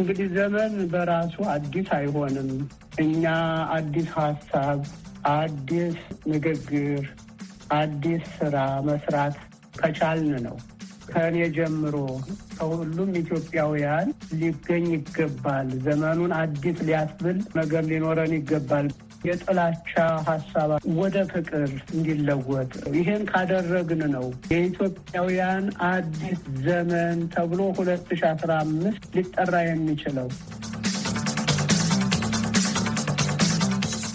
እንግዲህ ዘመን በራሱ አዲስ አይሆንም። እኛ አዲስ ሀሳብ፣ አዲስ ንግግር፣ አዲስ ስራ መስራት ከቻልን ነው። ከእኔ ጀምሮ ከሁሉም ኢትዮጵያውያን ሊገኝ ይገባል። ዘመኑን አዲስ ሊያስብል ነገር ሊኖረን ይገባል። የጥላቻ ሀሳብ ወደ ፍቅር እንዲለወጥ ይህን ካደረግን ነው የኢትዮጵያውያን አዲስ ዘመን ተብሎ 2015 ሊጠራ የሚችለው።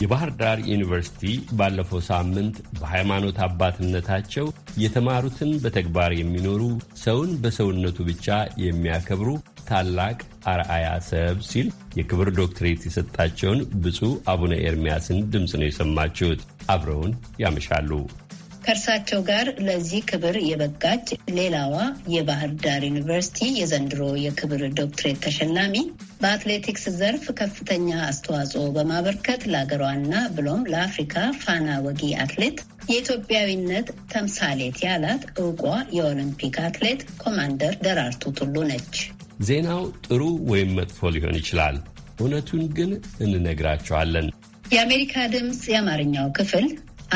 የባህር ዳር ዩኒቨርሲቲ ባለፈው ሳምንት በሃይማኖት አባትነታቸው የተማሩትን በተግባር የሚኖሩ ሰውን በሰውነቱ ብቻ የሚያከብሩ ታላቅ አርአያ ሰብ ሲል የክብር ዶክትሬት የሰጣቸውን ብፁዕ አቡነ ኤርሚያስን ድምፅ ነው የሰማችሁት። አብረውን ያመሻሉ። ከእርሳቸው ጋር ለዚህ ክብር የበቃች ሌላዋ የባህር ዳር ዩኒቨርሲቲ የዘንድሮ የክብር ዶክትሬት ተሸላሚ በአትሌቲክስ ዘርፍ ከፍተኛ አስተዋጽኦ በማበርከት ለአገሯና ብሎም ለአፍሪካ ፋና ወጊ አትሌት የኢትዮጵያዊነት ተምሳሌት ያላት እውቋ የኦሎምፒክ አትሌት ኮማንደር ደራርቱ ቱሉ ነች። ዜናው ጥሩ ወይም መጥፎ ሊሆን ይችላል። እውነቱን ግን እንነግራቸዋለን። የአሜሪካ ድምፅ የአማርኛው ክፍል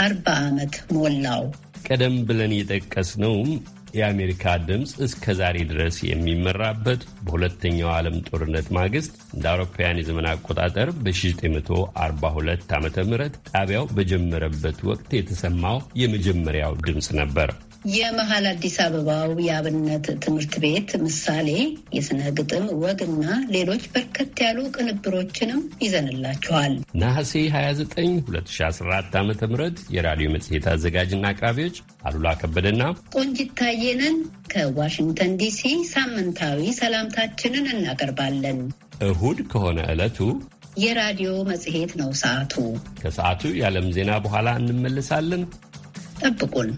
አርባ ዓመት ሞላው። ቀደም ብለን የጠቀስነውም የአሜሪካ ድምፅ እስከ ዛሬ ድረስ የሚመራበት በሁለተኛው ዓለም ጦርነት ማግስት እንደ አውሮፓውያን የዘመን አቆጣጠር በ1942 ዓ ም ጣቢያው በጀመረበት ወቅት የተሰማው የመጀመሪያው ድምፅ ነበር። የመሀል አዲስ አበባው የአብነት ትምህርት ቤት ምሳሌ የስነ ግጥም ወግና ሌሎች በርከት ያሉ ቅንብሮችንም ይዘንላችኋል። ነሐሴ 29 2014 ዓ ም የራዲዮ መጽሔት አዘጋጅና አቅራቢዎች አሉላ ከበደና ቆንጂት ታየንን ከዋሽንግተን ዲሲ ሳምንታዊ ሰላምታችንን እናቀርባለን። እሁድ ከሆነ ዕለቱ የራዲዮ መጽሔት ነው። ሰዓቱ ከሰዓቱ የዓለም ዜና በኋላ እንመልሳለን። ጠብቁን።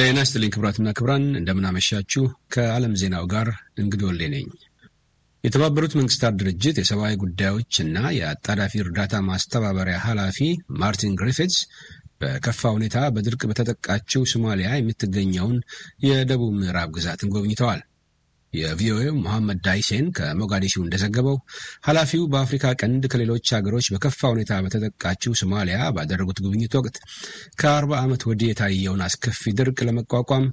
ጤና ይስጥልኝ ክብራትና ክብራን፣ እንደምናመሻችሁ። ከዓለም ዜናው ጋር እንግዶ ነኝ። የተባበሩት መንግስታት ድርጅት የሰብአዊ ጉዳዮች እና የአጣዳፊ እርዳታ ማስተባበሪያ ኃላፊ ማርቲን ግሪፊትስ በከፋ ሁኔታ በድርቅ በተጠቃችው ሶማሊያ የምትገኘውን የደቡብ ምዕራብ ግዛትን ጎብኝተዋል። የቪኦኤ መሐመድ ዳይሴን ከሞጋዲሹ እንደዘገበው ኃላፊው በአፍሪካ ቀንድ ከሌሎች ሀገሮች በከፋ ሁኔታ በተጠቃችው ሶማሊያ ባደረጉት ጉብኝት ወቅት ከአርባ ዓመት ወዲህ የታየውን አስከፊ ድርቅ ለመቋቋም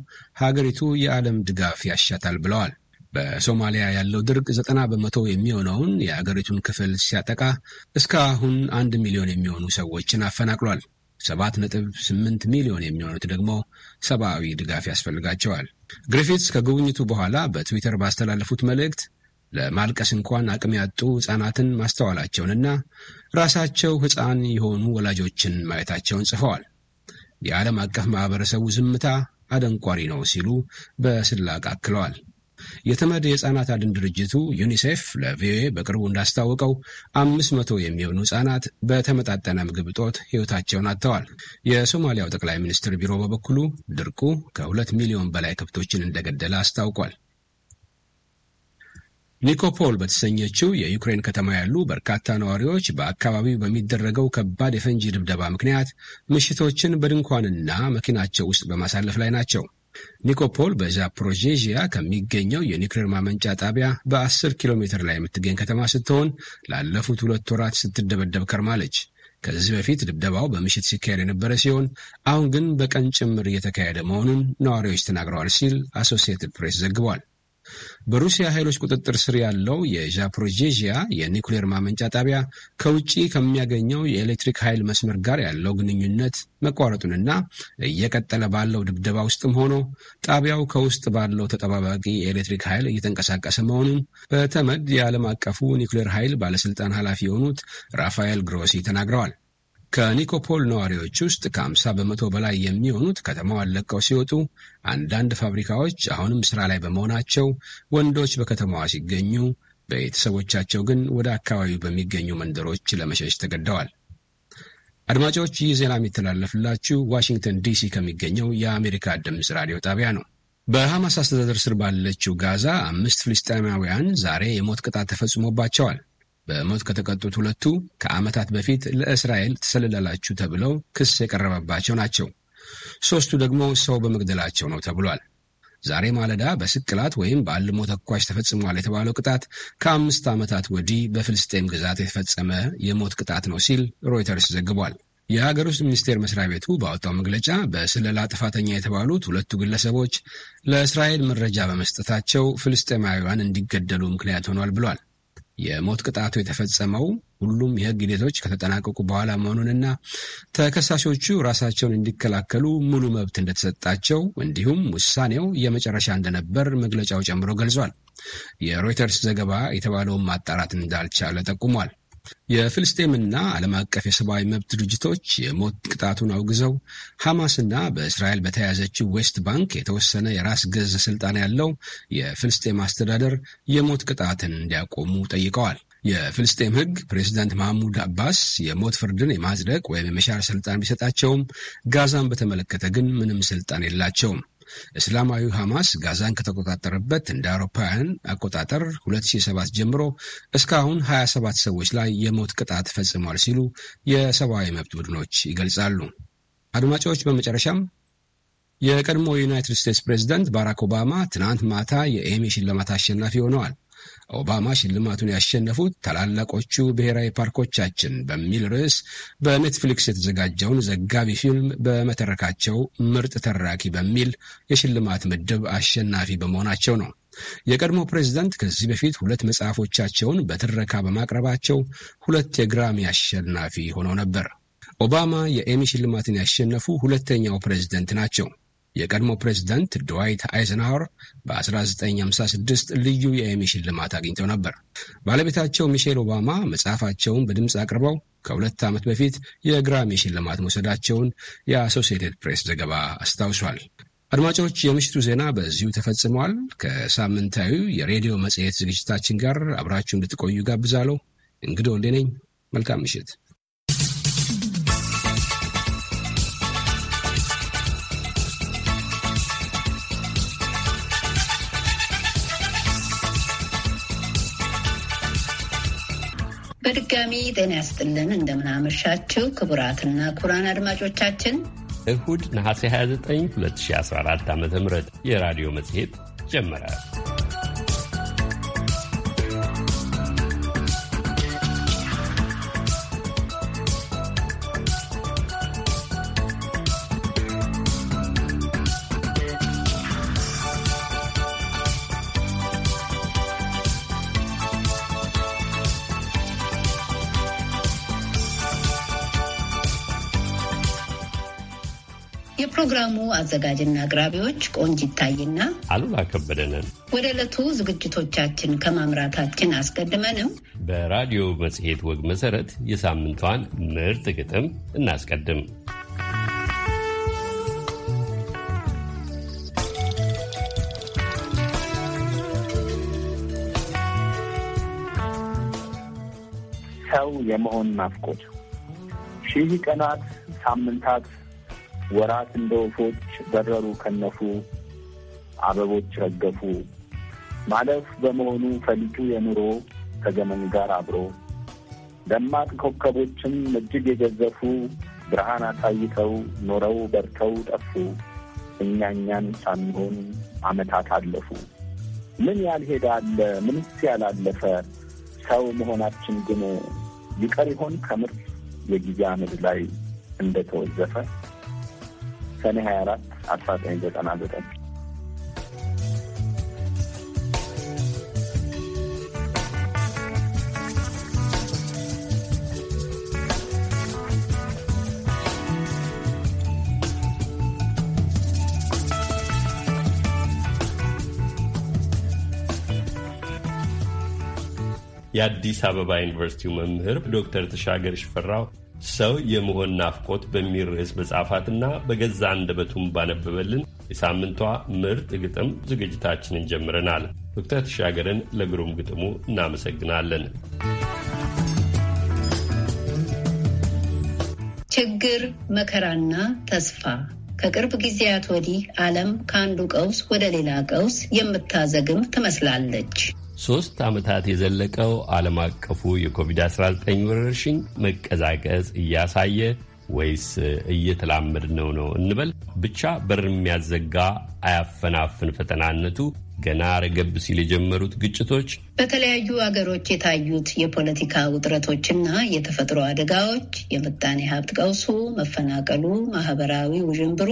ሀገሪቱ የዓለም ድጋፍ ያሻታል ብለዋል። በሶማሊያ ያለው ድርቅ ዘጠና በመቶ የሚሆነውን የአገሪቱን ክፍል ሲያጠቃ እስካሁን አንድ ሚሊዮን የሚሆኑ ሰዎችን አፈናቅሏል። ሰባት ነጥብ ስምንት ሚሊዮን የሚሆኑት ደግሞ ሰብአዊ ድጋፍ ያስፈልጋቸዋል። ግሪፊትስ ከጉብኝቱ በኋላ በትዊተር ባስተላለፉት መልእክት ለማልቀስ እንኳን አቅም ያጡ ሕፃናትን ማስተዋላቸውንና ራሳቸው ሕፃን የሆኑ ወላጆችን ማየታቸውን ጽፈዋል። የዓለም አቀፍ ማኅበረሰቡ ዝምታ አደንቋሪ ነው ሲሉ በስላቅ አክለዋል። የተመድ የህፃናት አድን ድርጅቱ ዩኒሴፍ ለቪኦኤ በቅርቡ እንዳስታወቀው አምስት መቶ የሚሆኑ ህፃናት በተመጣጠነ ምግብ እጦት ሕይወታቸውን አጥተዋል። የሶማሊያው ጠቅላይ ሚኒስትር ቢሮ በበኩሉ ድርቁ ከሁለት ሚሊዮን በላይ ከብቶችን እንደገደለ አስታውቋል። ኒኮፖል በተሰኘችው የዩክሬን ከተማ ያሉ በርካታ ነዋሪዎች በአካባቢው በሚደረገው ከባድ የፈንጂ ድብደባ ምክንያት ምሽቶችን በድንኳንና መኪናቸው ውስጥ በማሳለፍ ላይ ናቸው። ኒኮፖል በዛፕሮዤዥያ ከሚገኘው የኒውክሌር ማመንጫ ጣቢያ በ10 ኪሎ ሜትር ላይ የምትገኝ ከተማ ስትሆን ላለፉት ሁለት ወራት ስትደበደብ ከርማለች። ከዚህ በፊት ድብደባው በምሽት ሲካሄድ የነበረ ሲሆን አሁን ግን በቀን ጭምር እየተካሄደ መሆኑን ነዋሪዎች ተናግረዋል ሲል አሶሲየትድ ፕሬስ ዘግቧል። በሩሲያ ኃይሎች ቁጥጥር ስር ያለው የዣፕሮጄዥያ የኒኩሌር ማመንጫ ጣቢያ ከውጭ ከሚያገኘው የኤሌክትሪክ ኃይል መስመር ጋር ያለው ግንኙነት መቋረጡንና እየቀጠለ ባለው ድብደባ ውስጥም ሆኖ ጣቢያው ከውስጥ ባለው ተጠባባቂ የኤሌክትሪክ ኃይል እየተንቀሳቀሰ መሆኑን በተመድ የዓለም አቀፉ ኒኩሌር ኃይል ባለስልጣን ኃላፊ የሆኑት ራፋኤል ግሮሲ ተናግረዋል። ከኒኮፖል ነዋሪዎች ውስጥ ከ50 በመቶ በላይ የሚሆኑት ከተማዋን ለቀው ሲወጡ፣ አንዳንድ ፋብሪካዎች አሁንም ሥራ ላይ በመሆናቸው ወንዶች በከተማዋ ሲገኙ፣ ቤተሰቦቻቸው ግን ወደ አካባቢው በሚገኙ መንደሮች ለመሸሽ ተገደዋል። አድማጮች ይህ ዜና የሚተላለፍላችሁ ዋሽንግተን ዲሲ ከሚገኘው የአሜሪካ ድምፅ ራዲዮ ጣቢያ ነው። በሐማስ አስተዳደር ስር ባለችው ጋዛ አምስት ፍልስጤማውያን ዛሬ የሞት ቅጣት ተፈጽሞባቸዋል። በሞት ከተቀጡት ሁለቱ ከዓመታት በፊት ለእስራኤል ትሰልላላችሁ ተብለው ክስ የቀረበባቸው ናቸው። ሦስቱ ደግሞ ሰው በመግደላቸው ነው ተብሏል። ዛሬ ማለዳ በስቅላት ወይም በአልሞ ተኳሽ ተፈጽሟል የተባለው ቅጣት ከአምስት ዓመታት ወዲህ በፍልስጤም ግዛት የተፈጸመ የሞት ቅጣት ነው ሲል ሮይተርስ ዘግቧል። የሀገር ውስጥ ሚኒስቴር መስሪያ ቤቱ ባወጣው መግለጫ በስለላ ጥፋተኛ የተባሉት ሁለቱ ግለሰቦች ለእስራኤል መረጃ በመስጠታቸው ፍልስጤማውያን እንዲገደሉ ምክንያት ሆኗል ብሏል። የሞት ቅጣቱ የተፈጸመው ሁሉም የህግ ሂደቶች ከተጠናቀቁ በኋላ መሆኑንና ተከሳሾቹ ራሳቸውን እንዲከላከሉ ሙሉ መብት እንደተሰጣቸው እንዲሁም ውሳኔው የመጨረሻ እንደነበር መግለጫው ጨምሮ ገልጿል። የሮይተርስ ዘገባ የተባለውን ማጣራት እንዳልቻለ ጠቁሟል። የፍልስጤምና ዓለም አቀፍ የሰብአዊ መብት ድርጅቶች የሞት ቅጣቱን አውግዘው ሐማስና በእስራኤል በተያያዘችው ዌስት ባንክ የተወሰነ የራስ ገዝ ስልጣን ያለው የፍልስጤም አስተዳደር የሞት ቅጣትን እንዲያቆሙ ጠይቀዋል። የፍልስጤም ሕግ ፕሬዚዳንት ማህሙድ አባስ የሞት ፍርድን የማጽደቅ ወይም የመሻር ስልጣን ቢሰጣቸውም ጋዛን በተመለከተ ግን ምንም ስልጣን የላቸውም። እስላማዊ ሐማስ ጋዛን ከተቆጣጠረበት እንደ አውሮፓውያን አቆጣጠር 2007 ጀምሮ እስካሁን 27 ሰዎች ላይ የሞት ቅጣት ፈጽሟል ሲሉ የሰብአዊ መብት ቡድኖች ይገልጻሉ። አድማጮች፣ በመጨረሻም የቀድሞ የዩናይትድ ስቴትስ ፕሬዚደንት ባራክ ኦባማ ትናንት ማታ የኤሚ ሽልማት አሸናፊ ሆነዋል። ኦባማ ሽልማቱን ያሸነፉት ታላላቆቹ ብሔራዊ ፓርኮቻችን በሚል ርዕስ በኔትፍሊክስ የተዘጋጀውን ዘጋቢ ፊልም በመተረካቸው ምርጥ ተራኪ በሚል የሽልማት ምድብ አሸናፊ በመሆናቸው ነው። የቀድሞ ፕሬዝደንት ከዚህ በፊት ሁለት መጽሐፎቻቸውን በትረካ በማቅረባቸው ሁለት የግራሚ አሸናፊ ሆነው ነበር። ኦባማ የኤሚ ሽልማትን ያሸነፉ ሁለተኛው ፕሬዝደንት ናቸው። የቀድሞ ፕሬዚዳንት ድዋይት አይዘንሃወር በ1956 ልዩ የኤሚ ሽልማት አግኝተው ነበር። ባለቤታቸው ሚሼል ኦባማ መጽሐፋቸውን በድምፅ አቅርበው ከሁለት ዓመት በፊት የግራሚ ሽልማት መውሰዳቸውን የአሶሲኤትድ ፕሬስ ዘገባ አስታውሷል። አድማጮች፣ የምሽቱ ዜና በዚሁ ተፈጽመዋል። ከሳምንታዊው የሬዲዮ መጽሔት ዝግጅታችን ጋር አብራችሁ እንድትቆዩ ጋብዛለሁ። እንግዶ ወንዴ ነኝ። መልካም ምሽት። በድጋሚ ጤና ያስጥልን። እንደምናመሻችው ክቡራትና ክቡራን አድማጮቻችን እሁድ ነሐሴ 29 2014 ዓ ም የራዲዮ መጽሔት ጀመረ። የፕሮግራሙ አዘጋጅና አቅራቢዎች ቆንጅ ይታይና አሉላ ከበደንን ወደ ዕለቱ ዝግጅቶቻችን ከማምራታችን አስቀድመንም በራዲዮ መጽሔት ወግ መሰረት የሳምንቷን ምርጥ ግጥም እናስቀድም። ሰው የመሆን ናፍቆት ሺህ ቀናት ሳምንታት ወራት እንደ ወፎች በረሩ ከነፉ፣ አበቦች ረገፉ። ማለፍ በመሆኑ ፈሊጡ የኑሮ ከዘመን ጋር አብሮ ደማቅ ኮከቦችም እጅግ የገዘፉ ብርሃን አሳይተው ኖረው በርተው ጠፉ። እኛኛን ሳንሆን ዓመታት አለፉ። ምን ያልሄደ አለ ምንስ ያላለፈ ሰው መሆናችን ግን ይቀር ይሆን ከምርት የጊዜ አመድ ላይ እንደተወዘፈ ሰኔ 24 1999 የአዲስ አበባ ዩኒቨርሲቲው መምህር ዶክተር ተሻገር ሽፈራው ሰው የመሆን ናፍቆት በሚል ርዕስ በጻፋትና በገዛ አንደበቱም ባነበበልን የሳምንቷ ምርጥ ግጥም ዝግጅታችንን ጀምረናል። ዶክተር ተሻገርን ለግሩም ግጥሙ እናመሰግናለን። ችግር መከራና ተስፋ ከቅርብ ጊዜያት ወዲህ ዓለም ከአንዱ ቀውስ ወደ ሌላ ቀውስ የምታዘግም ትመስላለች። ሶስት ዓመታት የዘለቀው ዓለም አቀፉ የኮቪድ-19 ወረርሽኝ መቀዛቀዝ እያሳየ ወይስ እየተላመድ ነው ነው እንበል ብቻ በር የሚያዘጋ አያፈናፍን ፈተናነቱ ገና ረገብ ሲል የጀመሩት ግጭቶች፣ በተለያዩ አገሮች የታዩት የፖለቲካ ውጥረቶችና የተፈጥሮ አደጋዎች፣ የምጣኔ ሀብት ቀውሱ፣ መፈናቀሉ፣ ማህበራዊ ውዥንብሩ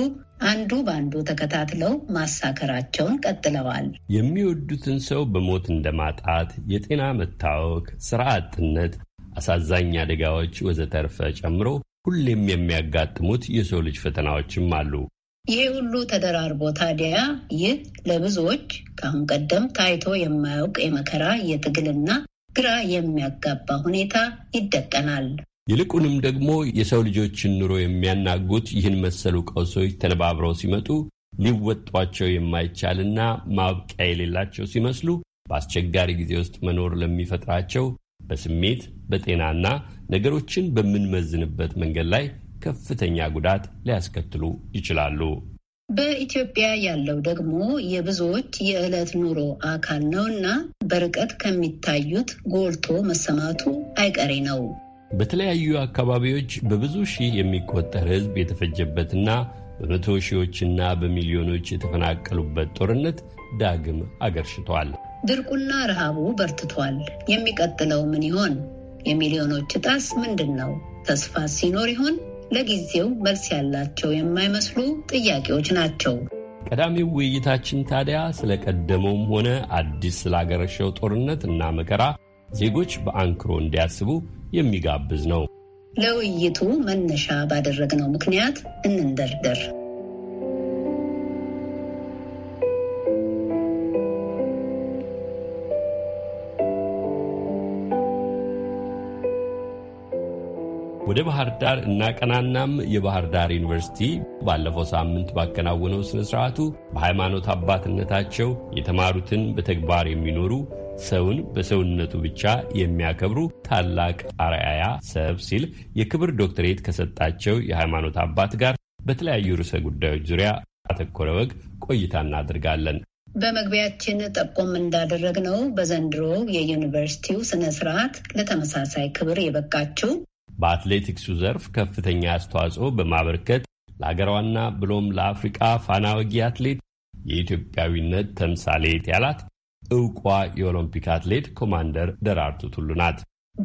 አንዱ በአንዱ ተከታትለው ማሳከራቸውን ቀጥለዋል። የሚወዱትን ሰው በሞት እንደማጣት፣ የጤና መታወክ፣ ስራ አጥነት፣ አሳዛኝ አደጋዎች ወዘተርፈ ጨምሮ ሁሌም የሚያጋጥሙት የሰው ልጅ ፈተናዎችም አሉ። ይህ ሁሉ ተደራርቦ ታዲያ ይህ ለብዙዎች ከአሁን ቀደም ታይቶ የማያውቅ የመከራ የትግልና ግራ የሚያጋባ ሁኔታ ይደቀናል። ይልቁንም ደግሞ የሰው ልጆችን ኑሮ የሚያናጉት ይህን መሰሉ ቀውሶች ተነባብረው ሲመጡ ሊወጧቸው የማይቻልና ማብቂያ የሌላቸው ሲመስሉ በአስቸጋሪ ጊዜ ውስጥ መኖር ለሚፈጥራቸው በስሜት በጤናና ነገሮችን በምንመዝንበት መንገድ ላይ ከፍተኛ ጉዳት ሊያስከትሉ ይችላሉ። በኢትዮጵያ ያለው ደግሞ የብዙዎች የዕለት ኑሮ አካል ነውና በርቀት ከሚታዩት ጎልቶ መሰማቱ አይቀሬ ነው። በተለያዩ አካባቢዎች በብዙ ሺህ የሚቆጠር ሕዝብ የተፈጀበትና በመቶ ሺዎችና በሚሊዮኖች የተፈናቀሉበት ጦርነት ዳግም አገርሽቷል። ድርቁና ረሃቡ በርትቷል። የሚቀጥለው ምን ይሆን? የሚሊዮኖች እጣስ ምንድን ነው? ተስፋ ሲኖር ይሆን? ለጊዜው መልስ ያላቸው የማይመስሉ ጥያቄዎች ናቸው። ቀዳሚው ውይይታችን ታዲያ ስለቀደመውም ሆነ አዲስ ስላገረሸው ጦርነት እና መከራ ዜጎች በአንክሮ እንዲያስቡ የሚጋብዝ ነው። ለውይይቱ መነሻ ባደረግነው ምክንያት እንንደርደር። ወደ ባህር ዳር እናቀናናም። የባህር ዳር ዩኒቨርሲቲ ባለፈው ሳምንት ባከናወነው ሥነ ሥርዓቱ በሃይማኖት አባትነታቸው የተማሩትን በተግባር የሚኖሩ ሰውን በሰውነቱ ብቻ የሚያከብሩ ታላቅ አርአያ ሰብ ሲል የክብር ዶክትሬት ከሰጣቸው የሃይማኖት አባት ጋር በተለያዩ ርዕሰ ጉዳዮች ዙሪያ አተኮረ ወግ ቆይታ እናድርጋለን። በመግቢያችን ጠቆም እንዳደረግነው በዘንድሮ የዩኒቨርሲቲው ስነ ስርዓት ለተመሳሳይ ክብር የበቃችው በአትሌቲክሱ ዘርፍ ከፍተኛ አስተዋጽኦ በማበርከት ለአገሯና ብሎም ለአፍሪቃ ፋና ወጊ አትሌት የኢትዮጵያዊነት ተምሳሌት ያላት እውቋ የኦሎምፒክ አትሌት ኮማንደር ደራርቱ ቱሉ ናት።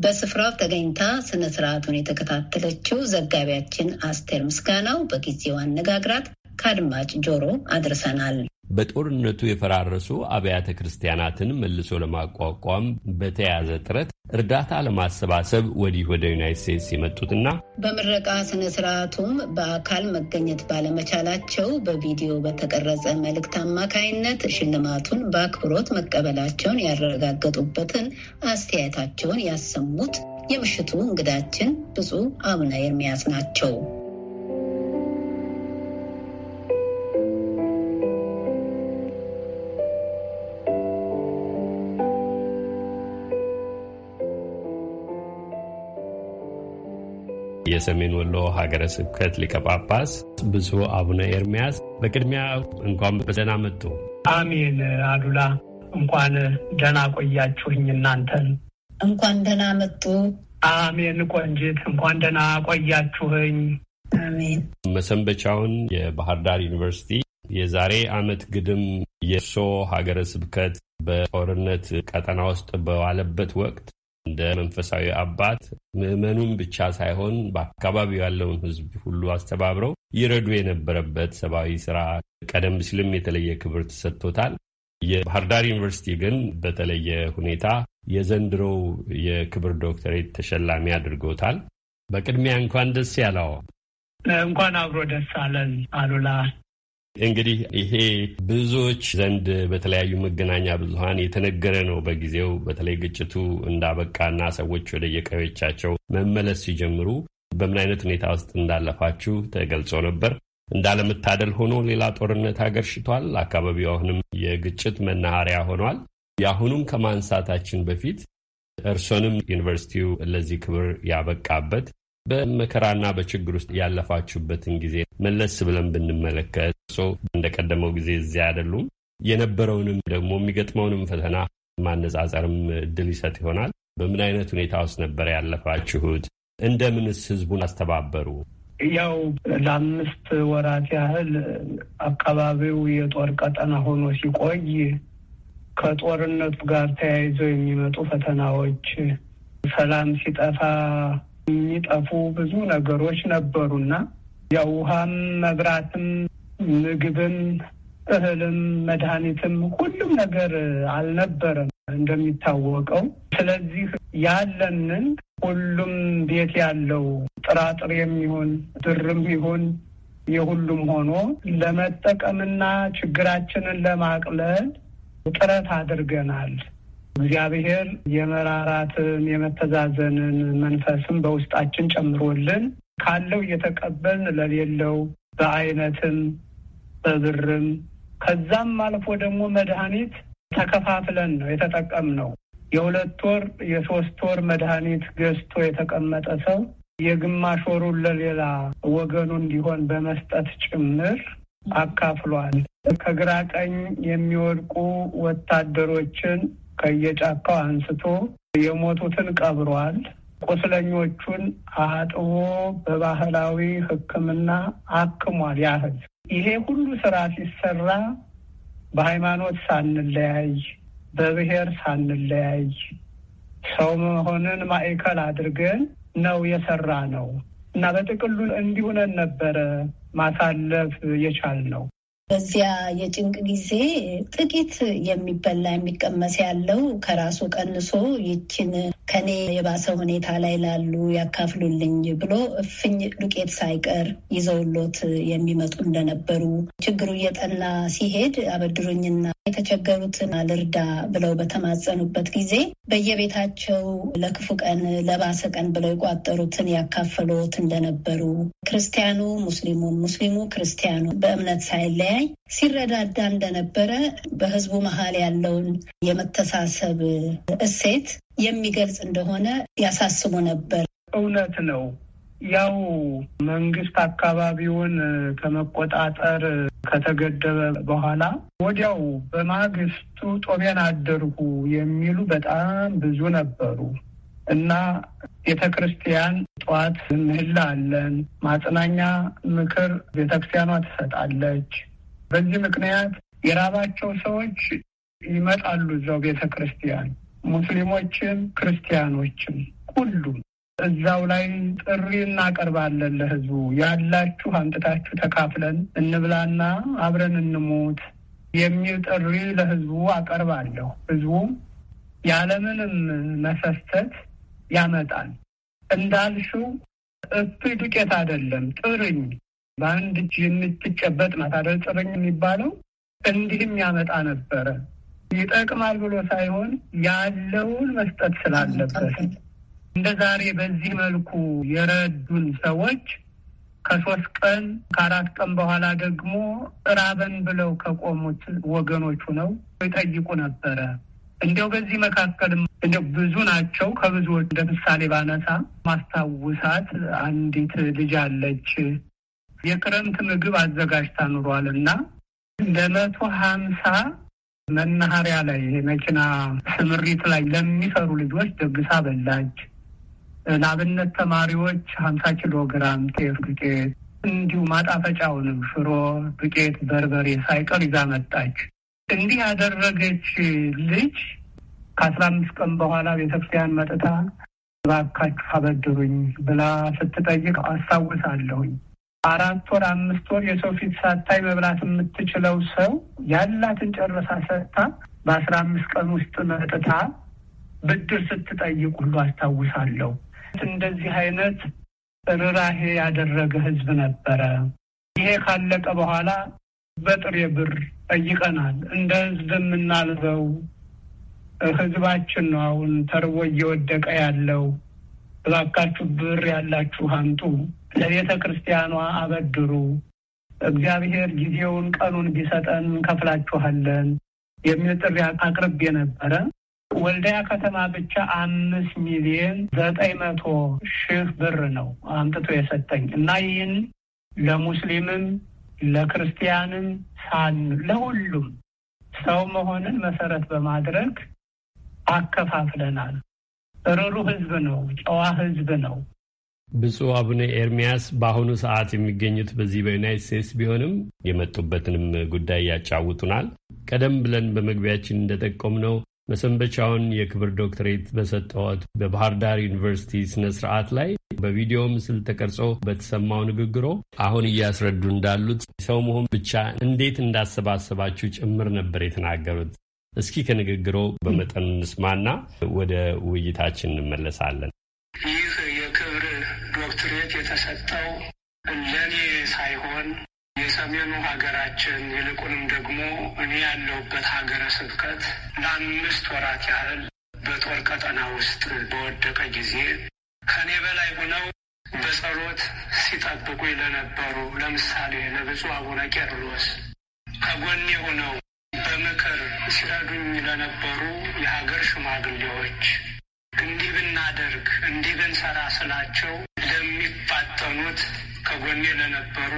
በስፍራው ተገኝታ ስነ ስርዓቱን የተከታተለችው ዘጋቢያችን አስቴር ምስጋናው በጊዜው አነጋግራት ከአድማጭ ጆሮ አድርሰናል። በጦርነቱ የፈራረሱ አብያተ ክርስቲያናትን መልሶ ለማቋቋም በተያያዘ ጥረት እርዳታ ለማሰባሰብ ወዲህ ወደ ዩናይት ስቴትስ የመጡትና በምረቃ ስነ ስርዓቱም በአካል መገኘት ባለመቻላቸው በቪዲዮ በተቀረጸ መልእክት አማካይነት ሽልማቱን በአክብሮት መቀበላቸውን ያረጋገጡበትን አስተያየታቸውን ያሰሙት የምሽቱ እንግዳችን ብፁዕ አቡነ ኤርሚያስ ናቸው። የሰሜን ወሎ ሀገረ ስብከት ሊቀ ጳጳስ ብፁዕ አቡነ ኤርሚያስ በቅድሚያ እንኳን በደህና መጡ። አሜን። አሉላ እንኳን ደህና ቆያችሁኝ። እናንተን እንኳን ደህና መጡ። አሜን። ቆንጅት እንኳን ደህና ቆያችሁኝ። አሜን። መሰንበቻውን የባህር ዳር ዩኒቨርሲቲ የዛሬ ዓመት ግድም የእርሶ ሀገረ ስብከት በጦርነት ቀጠና ውስጥ በዋለበት ወቅት እንደ መንፈሳዊ አባት ምዕመኑን ብቻ ሳይሆን በአካባቢው ያለውን ሕዝብ ሁሉ አስተባብረው ይረዱ የነበረበት ሰብአዊ ስራ ቀደም ሲልም የተለየ ክብር ተሰጥቶታል። የባህር ዳር ዩኒቨርሲቲ ግን በተለየ ሁኔታ የዘንድሮው የክብር ዶክተሬት ተሸላሚ አድርጎታል። በቅድሚያ እንኳን ደስ ያለው። እንኳን አብሮ ደስ አለን አሉላ። እንግዲህ ይሄ ብዙዎች ዘንድ በተለያዩ መገናኛ ብዙኃን የተነገረ ነው። በጊዜው በተለይ ግጭቱ እንዳበቃና ሰዎች ወደ የቀዮቻቸው መመለስ ሲጀምሩ በምን አይነት ሁኔታ ውስጥ እንዳለፋችሁ ተገልጾ ነበር። እንዳለመታደል ሆኖ ሌላ ጦርነት ሀገር ሽቷል አካባቢው አሁንም የግጭት መናኸሪያ ሆኗል። የአሁኑም ከማንሳታችን በፊት እርሶንም ዩኒቨርሲቲው ለዚህ ክብር ያበቃበት በመከራና በችግር ውስጥ ያለፋችሁበትን ጊዜ መለስ ብለን ብንመለከት ሰው እንደቀደመው ጊዜ እዚያ አይደሉም። የነበረውንም ደግሞ የሚገጥመውንም ፈተና ማነጻጸርም እድል ይሰጥ ይሆናል። በምን አይነት ሁኔታ ውስጥ ነበር ያለፋችሁት? እንደምንስ ህዝቡን አስተባበሩ? ያው ለአምስት ወራት ያህል አካባቢው የጦር ቀጠና ሆኖ ሲቆይ ከጦርነቱ ጋር ተያይዘው የሚመጡ ፈተናዎች፣ ሰላም ሲጠፋ የሚጠፉ ብዙ ነገሮች ነበሩና የውሃም መብራትም፣ ምግብም፣ እህልም፣ መድኃኒትም ሁሉም ነገር አልነበረም እንደሚታወቀው። ስለዚህ ያለንን ሁሉም ቤት ያለው ጥራጥሬ የሚሆን ድርም ይሁን የሁሉም ሆኖ ለመጠቀምና ችግራችንን ለማቅለል ጥረት አድርገናል። እግዚአብሔር የመራራትን የመተዛዘንን መንፈስም በውስጣችን ጨምሮልን ካለው እየተቀበልን ለሌለው በአይነትም በብርም ከዛም አልፎ ደግሞ መድኃኒት ተከፋፍለን ነው የተጠቀምነው። የሁለት ወር የሶስት ወር መድኃኒት ገዝቶ የተቀመጠ ሰው የግማሽ ወሩን ለሌላ ወገኑ እንዲሆን በመስጠት ጭምር አካፍሏል። ከግራ ቀኝ የሚወድቁ ወታደሮችን ከየጫካው አንስቶ የሞቱትን ቀብሯል። ቁስለኞቹን አጥቦ በባህላዊ ሕክምና አክሟል። ያህል ይሄ ሁሉ ስራ ሲሰራ በሃይማኖት ሳንለያይ፣ በብሔር ሳንለያይ ሰው መሆንን ማዕከል አድርገን ነው የሰራ ነው እና በጥቅሉ እንዲሁነን ነበረ ማሳለፍ የቻል ነው። በዚያ የጭንቅ ጊዜ ጥቂት የሚበላ የሚቀመስ ያለው ከራሱ ቀንሶ ይችን ከኔ የባሰ ሁኔታ ላይ ላሉ ያካፍሉልኝ ብሎ እፍኝ ዱቄት ሳይቀር ይዘውሎት የሚመጡ እንደነበሩ ችግሩ እየጠና ሲሄድ አበድሩኝና የተቸገሩትን አልርዳ ብለው በተማጸኑበት ጊዜ በየቤታቸው ለክፉ ቀን ለባሰ ቀን ብለው የቋጠሩትን ያካፍሎት እንደነበሩ ክርስቲያኑ ሙስሊሙን፣ ሙስሊሙ ክርስቲያኑ በእምነት ሳይለያ ላይ ሲረዳዳ እንደነበረ በህዝቡ መሀል ያለውን የመተሳሰብ እሴት የሚገልጽ እንደሆነ ያሳስቡ ነበር። እውነት ነው። ያው መንግስት አካባቢውን ከመቆጣጠር ከተገደበ በኋላ ወዲያው በማግስቱ ጦቢያን አደርጉ የሚሉ በጣም ብዙ ነበሩ እና ቤተ ክርስቲያን ጠዋት ምህላ አለን፣ ማጽናኛ ምክር ቤተ ክርስቲያኗ ትሰጣለች። በዚህ ምክንያት የራባቸው ሰዎች ይመጣሉ እዛው ቤተ ክርስቲያን ሙስሊሞችም ክርስቲያኖችም ሁሉም እዛው ላይ ጥሪ እናቀርባለን ለህዝቡ ያላችሁ አምጥታችሁ ተካፍለን እንብላና አብረን እንሞት የሚል ጥሪ ለህዝቡ አቀርባለሁ። ህዝቡ ያለምንም መሰስተት ያመጣል። እንዳልሹ እፍ ዱቄት አይደለም ጥርኝ በአንድ እጅ የምትጨበጥ መታደል አደል የሚባለው እንዲህም ያመጣ ነበረ። ይጠቅማል ብሎ ሳይሆን ያለውን መስጠት ስላለበት እንደ ዛሬ በዚህ መልኩ የረዱን ሰዎች ከሶስት ቀን ከአራት ቀን በኋላ ደግሞ ራበን ብለው ከቆሙት ወገኖቹ ነው ይጠይቁ ነበረ። እንዲያው በዚህ መካከል እንዲያው ብዙ ናቸው። ከብዙዎች እንደ ምሳሌ ባነሳ ማስታውሳት አንዲት ልጅ አለች። የክረምት ምግብ አዘጋጅታ ኑሯል እና መቶ ሀምሳ መናኸሪያ ላይ የመኪና ስምሪት ላይ ለሚሰሩ ልጆች ደግሳ በላች። ለአብነት ተማሪዎች ሀምሳ ኪሎ ግራም ጤፍ ዱቄት፣ እንዲሁ ማጣፈጫውንም ሽሮ፣ ዱቄት፣ በርበሬ ሳይቀር ይዛ መጣች። እንዲህ ያደረገች ልጅ ከአስራ አምስት ቀን በኋላ ቤተክርስቲያን መጥታ እባካችሁ አበድሩኝ ብላ ስትጠይቅ አስታውሳለሁኝ። አራት ወር አምስት ወር የሰው ፊት ሳታይ መብላት የምትችለው ሰው ያላትን ጨርሳ ሰጥታ በአስራ አምስት ቀን ውስጥ መጥታ ብድር ስትጠይቅ ሁሉ አስታውሳለሁ። እንደዚህ አይነት ርራሄ ያደረገ ህዝብ ነበረ። ይሄ ካለቀ በኋላ በጥሬ ብር ጠይቀናል። እንደ ህዝብ የምናልበው ህዝባችን ነው። አሁን ተርቦ እየወደቀ ያለው እባካችሁ ብር ያላችሁ አምጡ ለቤተ ክርስቲያኗ አበድሩ፣ እግዚአብሔር ጊዜውን ቀኑን ቢሰጠን እንከፍላችኋለን የሚል ጥሪ አቅርቤ ነበረ። ወልዳያ ከተማ ብቻ አምስት ሚሊዮን ዘጠኝ መቶ ሺህ ብር ነው አምጥቶ የሰጠኝ እና ይህን ለሙስሊምም ለክርስቲያንም ሳን ለሁሉም ሰው መሆንን መሰረት በማድረግ አከፋፍለናል። ርሩ ህዝብ ነው፣ ጨዋ ህዝብ ነው። ብፁዕ አቡነ ኤርሚያስ በአሁኑ ሰዓት የሚገኙት በዚህ በዩናይት ስቴትስ ቢሆንም የመጡበትንም ጉዳይ ያጫውቱናል። ቀደም ብለን በመግቢያችን ነው መሰንበቻውን የክብር ዶክትሬት በሰጠዎት በባህር ዳር ዩኒቨርሲቲ ስነ ስርዓት ላይ በቪዲዮ ምስል ተቀርጾ በተሰማው ንግግሮ አሁን እያስረዱ እንዳሉት ሰው መሆን ብቻ እንዴት እንዳሰባሰባችሁ ጭምር ነበር የተናገሩት። እስኪ ከንግግሮ በመጠኑ እንስማና ወደ ውይይታችን እንመለሳለን። የሰጠው ለእኔ ሳይሆን የሰሜኑ ሀገራችን ይልቁንም ደግሞ እኔ ያለሁበት ሀገረ ስብከት ለአምስት ወራት ያህል በጦር ቀጠና ውስጥ በወደቀ ጊዜ ከእኔ በላይ ሆነው በጸሎት ሲጠብቁ ለነበሩ ለምሳሌ ለብፁዕ አቡነ ቄርሎስ ከጎኔ ሆነው በምክር ሲረዱኝ ለነበሩ የሀገር ሽማግሌዎች እንዲህ ብናደርግ እንዲህ ብንሰራ ስላቸው ለሚ ላጠኑት፣ ከጎኔ ለነበሩ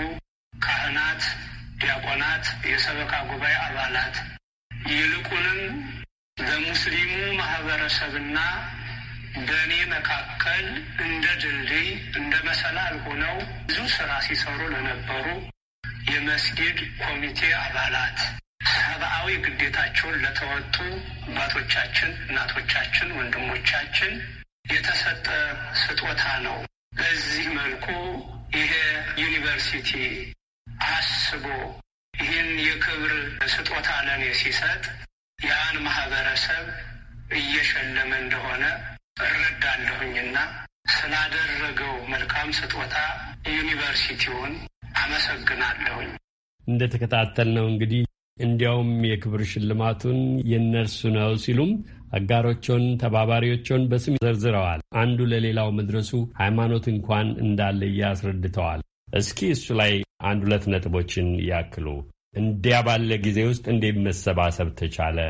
ካህናት፣ ዲያቆናት፣ የሰበካ ጉባኤ አባላት ይልቁንም በሙስሊሙ ማህበረሰብና በእኔ መካከል እንደ ድልድይ እንደ መሰላል ሆነው ብዙ ስራ ሲሰሩ ለነበሩ የመስጊድ ኮሚቴ አባላት ሰብአዊ ግዴታቸውን ለተወጡ አባቶቻችን፣ እናቶቻችን፣ ወንድሞቻችን የተሰጠ ስጦታ ነው። በዚህ መልኩ ይሄ ዩኒቨርሲቲ አስቦ ይህን የክብር ስጦታ ለኔ ሲሰጥ ያን ማህበረሰብ እየሸለመ እንደሆነ እረዳለሁኝና ስላደረገው መልካም ስጦታ ዩኒቨርሲቲውን አመሰግናለሁኝ። እንደተከታተል ነው እንግዲህ እንዲያውም የክብር ሽልማቱን የነርሱ ነው ሲሉም አጋሮቹን ተባባሪዎቹን በስም ዘርዝረዋል። አንዱ ለሌላው መድረሱ ሃይማኖት እንኳን እንዳለ አስረድተዋል። እስኪ እሱ ላይ አንድ ሁለት ነጥቦችን ያክሉ። እንዲያ ባለ ጊዜ ውስጥ እንዴት መሰባሰብ ተቻለ?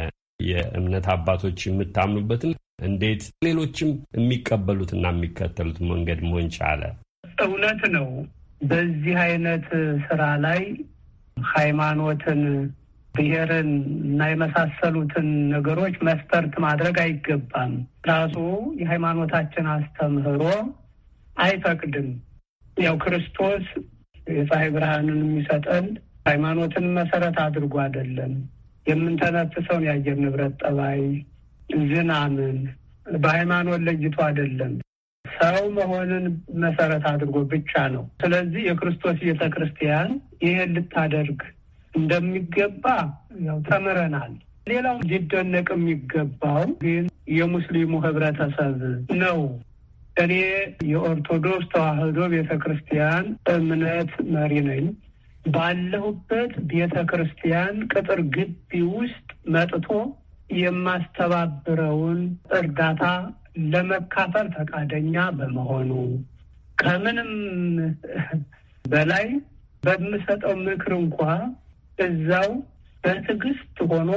የእምነት አባቶች የምታምኑበትን እንዴት ሌሎችም የሚቀበሉትና የሚከተሉት መንገድ መሆን ቻለ? እውነት ነው። በዚህ አይነት ስራ ላይ ሃይማኖትን ብሔርን እና የመሳሰሉትን ነገሮች መስፈርት ማድረግ አይገባም። ራሱ የሃይማኖታችን አስተምህሮ አይፈቅድም። ያው ክርስቶስ የፀሐይ ብርሃንን የሚሰጠን ሃይማኖትን መሰረት አድርጎ አይደለም። የምንተነፍሰውን የአየር ንብረት ጠባይ፣ ዝናምን በሃይማኖት ለይቶ አይደለም ሰው መሆንን መሰረት አድርጎ ብቻ ነው። ስለዚህ የክርስቶስ ቤተ ክርስቲያን ይህን ልታደርግ እንደሚገባ ያው ተምረናል። ሌላው ሊደነቅ የሚገባው ግን የሙስሊሙ ህብረተሰብ ነው። እኔ የኦርቶዶክስ ተዋህዶ ቤተ ክርስቲያን እምነት መሪ ነኝ። ባለሁበት ቤተ ክርስቲያን ቅጥር ግቢ ውስጥ መጥቶ የማስተባብረውን እርዳታ ለመካፈል ፈቃደኛ በመሆኑ ከምንም በላይ በምሰጠው ምክር እንኳ እዛው በትዕግስት ሆኖ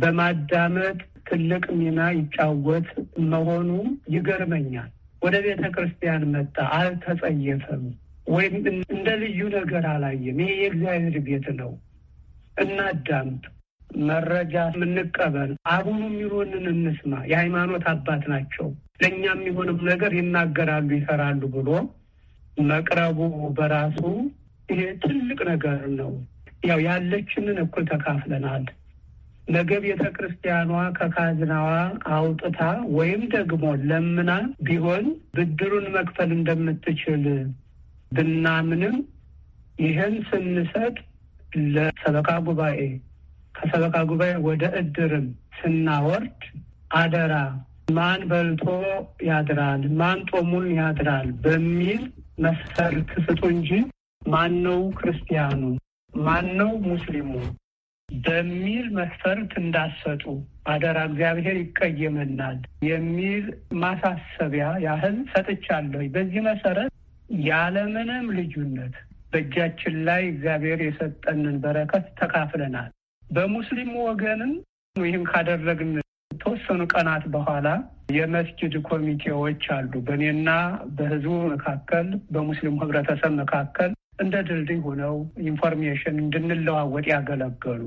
በማዳመጥ ትልቅ ሚና ይጫወት መሆኑ ይገርመኛል። ወደ ቤተ ክርስቲያን መጣ፣ አልተጸየፈም፣ ወይም እንደ ልዩ ነገር አላየም። ይሄ የእግዚአብሔር ቤት ነው፣ እናዳምጥ፣ መረጃ የምንቀበል አቡኑ የሚሆንን እንስማ። የሃይማኖት አባት ናቸው፣ ለእኛ የሚሆንም ነገር ይናገራሉ፣ ይሰራሉ ብሎ መቅረቡ በራሱ ይሄ ትልቅ ነገር ነው። ያው ያለችንን እኩል ተካፍለናል። ነገ ቤተ ክርስቲያኗ ከካዝናዋ አውጥታ ወይም ደግሞ ለምና ቢሆን ብድሩን መክፈል እንደምትችል ብናምንም ይህን ስንሰጥ ለሰበካ ጉባኤ ከሰበካ ጉባኤ ወደ እድርም ስናወርድ አደራ ማን በልቶ ያድራል፣ ማን ጦሙን ያድራል በሚል መሰረት ስጡ እንጂ ማን ነው ክርስቲያኑ ማነው ሙስሊሙ በሚል መስፈርት እንዳሰጡ አደራ እግዚአብሔር ይቀየመናል የሚል ማሳሰቢያ ያህል ሰጥቻለሁ። በዚህ መሰረት ያለምንም ልዩነት በእጃችን ላይ እግዚአብሔር የሰጠንን በረከት ተካፍለናል። በሙስሊሙ ወገንም ይህም ካደረግን ተወሰኑ ቀናት በኋላ የመስጅድ ኮሚቴዎች አሉ። በእኔና በህዝቡ መካከል፣ በሙስሊሙ ህብረተሰብ መካከል እንደ ድልድይ ሆነው ኢንፎርሜሽን እንድንለዋወጥ ያገለገሉ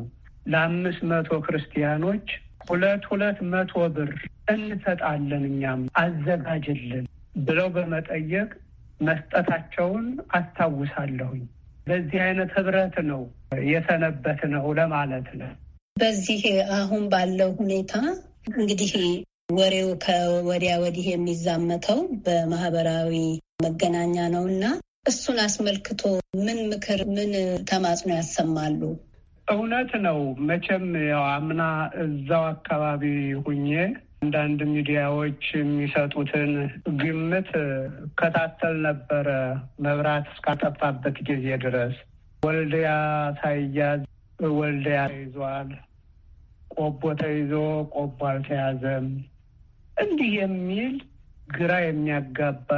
ለአምስት መቶ ክርስቲያኖች ሁለት ሁለት መቶ ብር እንሰጣለን እኛም አዘጋጅልን ብለው በመጠየቅ መስጠታቸውን አስታውሳለሁኝ። በዚህ አይነት ህብረት ነው የሰነበት ነው ለማለት ነው። በዚህ አሁን ባለው ሁኔታ እንግዲህ ወሬው ከወዲያ ወዲህ የሚዛመተው በማህበራዊ መገናኛ ነው እና እሱን አስመልክቶ ምን ምክር፣ ምን ተማጽኖ ያሰማሉ? እውነት ነው። መቼም ያው አምና እዛው አካባቢ ሁኜ አንዳንድ ሚዲያዎች የሚሰጡትን ግምት እከታተል ነበረ መብራት እስካጠፋበት ጊዜ ድረስ። ወልዲያ ሳይያዝ ወልዲያ ተይዟል፣ ቆቦ ተይዞ ቆቦ አልተያዘም፣ እንዲህ የሚል ግራ የሚያጋባ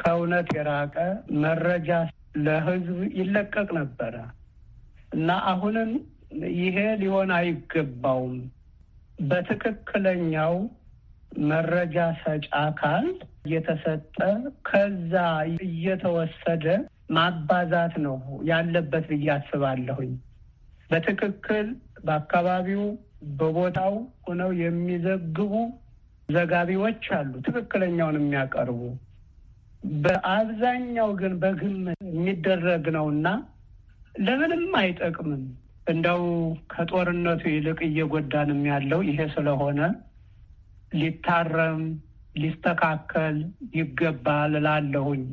ከእውነት የራቀ መረጃ ለህዝብ ይለቀቅ ነበረ እና አሁንም ይሄ ሊሆን አይገባውም። በትክክለኛው መረጃ ሰጪ አካል እየተሰጠ ከዛ እየተወሰደ ማባዛት ነው ያለበት ብዬ አስባለሁኝ። በትክክል በአካባቢው በቦታው ሆነው የሚዘግቡ ዘጋቢዎች አሉ፣ ትክክለኛውን የሚያቀርቡ በአብዛኛው ግን በግም የሚደረግ ነው እና ለምንም አይጠቅምም። እንደው ከጦርነቱ ይልቅ እየጎዳንም ያለው ይሄ ስለሆነ ሊታረም ሊስተካከል ይገባል እላለሁኝ።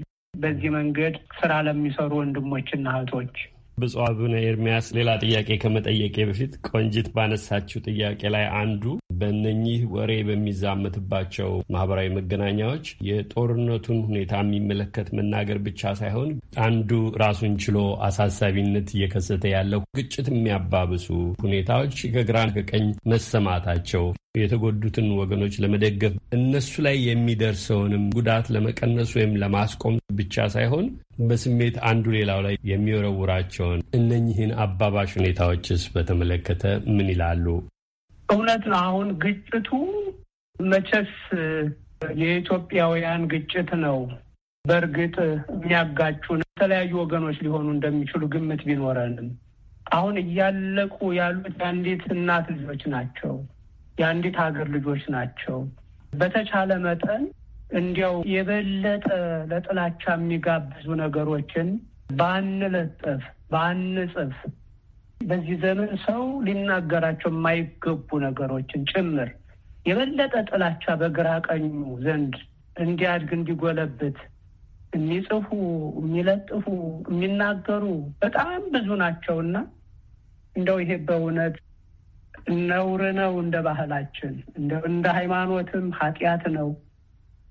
በዚህ መንገድ ስራ ለሚሰሩ ወንድሞችና እህቶች ብፁዕ አቡነ ኤርሚያስ ሌላ ጥያቄ ከመጠየቄ በፊት ቆንጂት ባነሳችው ጥያቄ ላይ አንዱ በእነኚህ ወሬ በሚዛመትባቸው ማህበራዊ መገናኛዎች የጦርነቱን ሁኔታ የሚመለከት መናገር ብቻ ሳይሆን አንዱ ራሱን ችሎ አሳሳቢነት እየከሰተ ያለው ግጭት የሚያባብሱ ሁኔታዎች ከግራ ከቀኝ መሰማታቸው የተጎዱትን ወገኖች ለመደገፍ እነሱ ላይ የሚደርሰውንም ጉዳት ለመቀነስ ወይም ለማስቆም ብቻ ሳይሆን በስሜት አንዱ ሌላው ላይ የሚወረውራቸውን እነኝህን አባባሽ ሁኔታዎችስ በተመለከተ ምን ይላሉ? እውነት ነው። አሁን ግጭቱ መቼስ የኢትዮጵያውያን ግጭት ነው። በእርግጥ የሚያጋጩን የተለያዩ ወገኖች ሊሆኑ እንደሚችሉ ግምት ቢኖረንም አሁን እያለቁ ያሉት የአንዲት እናት ልጆች ናቸው፣ የአንዲት ሀገር ልጆች ናቸው። በተቻለ መጠን እንዲያው የበለጠ ለጥላቻ የሚጋብዙ ነገሮችን ባንለጠፍ ባንጽፍ በዚህ ዘመን ሰው ሊናገራቸው የማይገቡ ነገሮችን ጭምር የበለጠ ጥላቻ በግራ ቀኙ ዘንድ እንዲያድግ እንዲጎለብት የሚጽፉ የሚለጥፉ የሚናገሩ በጣም ብዙ ናቸውና እንደው ይሄ በእውነት ነውር ነው። እንደ ባህላችን እንደ ሃይማኖትም ኃጢአት ነው።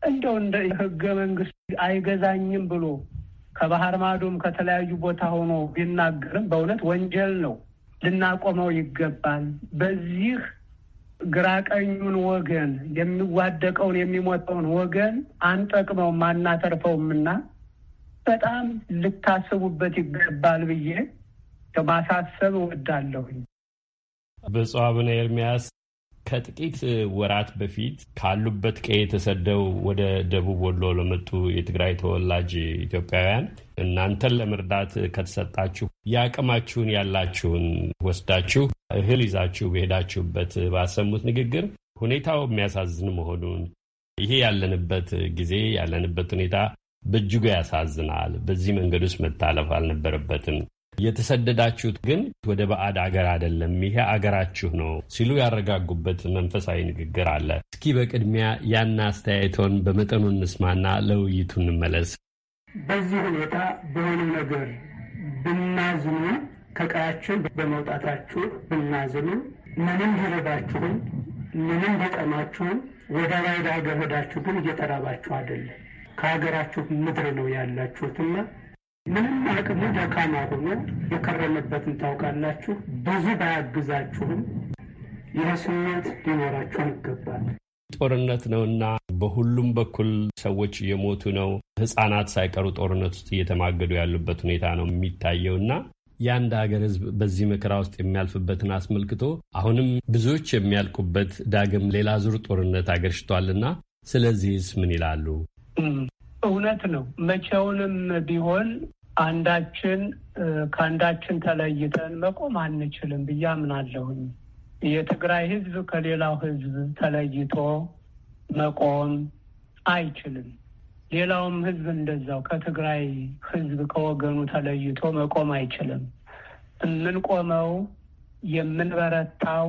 እንደው እንደ ህገ መንግስት አይገዛኝም ብሎ ከባህር ማዶም ከተለያዩ ቦታ ሆኖ ቢናገርም በእውነት ወንጀል ነው፣ ልናቆመው ይገባል። በዚህ ግራቀኙን ወገን የሚዋደቀውን የሚሞተውን ወገን አንጠቅመውም አናተርፈውምና በጣም ልታስቡበት ይገባል ብዬ ማሳሰብ እወዳለሁኝ። ብፁዕ አቡነ ኤርሚያስ ከጥቂት ወራት በፊት ካሉበት ቀይ ተሰደው ወደ ደቡብ ወሎ ለመጡ የትግራይ ተወላጅ ኢትዮጵያውያን እናንተን ለመርዳት ከተሰጣችሁ የአቅማችሁን ያላችሁን ወስዳችሁ እህል ይዛችሁ በሄዳችሁበት ባሰሙት ንግግር ሁኔታው የሚያሳዝን መሆኑን ይሄ ያለንበት ጊዜ ያለንበት ሁኔታ በእጅጉ ያሳዝናል፣ በዚህ መንገድ ውስጥ መታለፍ አልነበረበትም የተሰደዳችሁት ግን ወደ ባዕድ አገር አይደለም፣ ይሄ አገራችሁ ነው ሲሉ ያረጋጉበት መንፈሳዊ ንግግር አለ። እስኪ በቅድሚያ ያን አስተያየቶን በመጠኑ እንስማና ለውይይቱ እንመለስ። በዚህ ሁኔታ በሆነው ነገር ብናዝኑ፣ ከቀያችን በመውጣታችሁ ብናዝኑ፣ ምንም ቢርባችሁም ምንም ቢጠማችሁም ወደ ባዕድ ሀገር ሄዳችሁ ግን እየተራባችሁ አይደለም፣ ከሀገራችሁ ምድር ነው ያላችሁትና ምንም አቅሙ ደካማ ሆኖ የከረመበትን ታውቃላችሁ። ብዙ ባያግዛችሁም የስሜት ሊኖራችሁ ይገባል። ጦርነት ነውና በሁሉም በኩል ሰዎች እየሞቱ ነው። ሕጻናት ሳይቀሩ ጦርነት ውስጥ እየተማገዱ ያሉበት ሁኔታ ነው የሚታየውና የአንድ ሀገር ሕዝብ በዚህ መከራ ውስጥ የሚያልፍበትን አስመልክቶ አሁንም ብዙዎች የሚያልቁበት ዳግም ሌላ ዙር ጦርነት አገርሽቷልና ስለዚህስ ምን ይላሉ? እውነት ነው። መቼውንም ቢሆን አንዳችን ከአንዳችን ተለይተን መቆም አንችልም ብዬ አምናለሁኝ። የትግራይ ህዝብ ከሌላው ህዝብ ተለይቶ መቆም አይችልም። ሌላውም ህዝብ እንደዛው ከትግራይ ህዝብ ከወገኑ ተለይቶ መቆም አይችልም። የምንቆመው የምንበረታው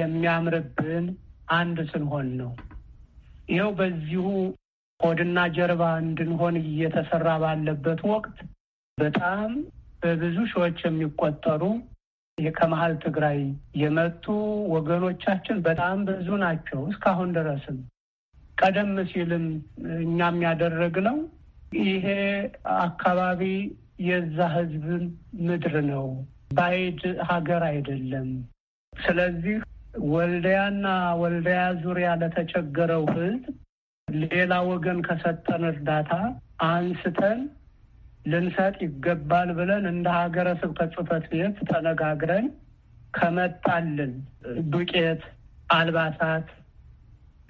የሚያምርብን አንድ ስንሆን ነው። ይኸው በዚሁ ሆድና ጀርባ እንድንሆን እየተሰራ ባለበት ወቅት በጣም በብዙ ሺዎች የሚቆጠሩ ከመሀል ትግራይ የመጡ ወገኖቻችን በጣም ብዙ ናቸው። እስካሁን ድረስም ቀደም ሲልም እኛም ያደረግነው ይሄ አካባቢ የዛ ህዝብ ምድር ነው ባይድ ሀገር አይደለም። ስለዚህ ወልዲያና ወልዲያ ዙሪያ ለተቸገረው ህዝብ ሌላ ወገን ከሰጠን እርዳታ አንስተን ልንሰጥ ይገባል ብለን እንደ ሀገረ ስብከት ጽሕፈት ቤት ተነጋግረን ከመጣልን ዱቄት፣ አልባሳት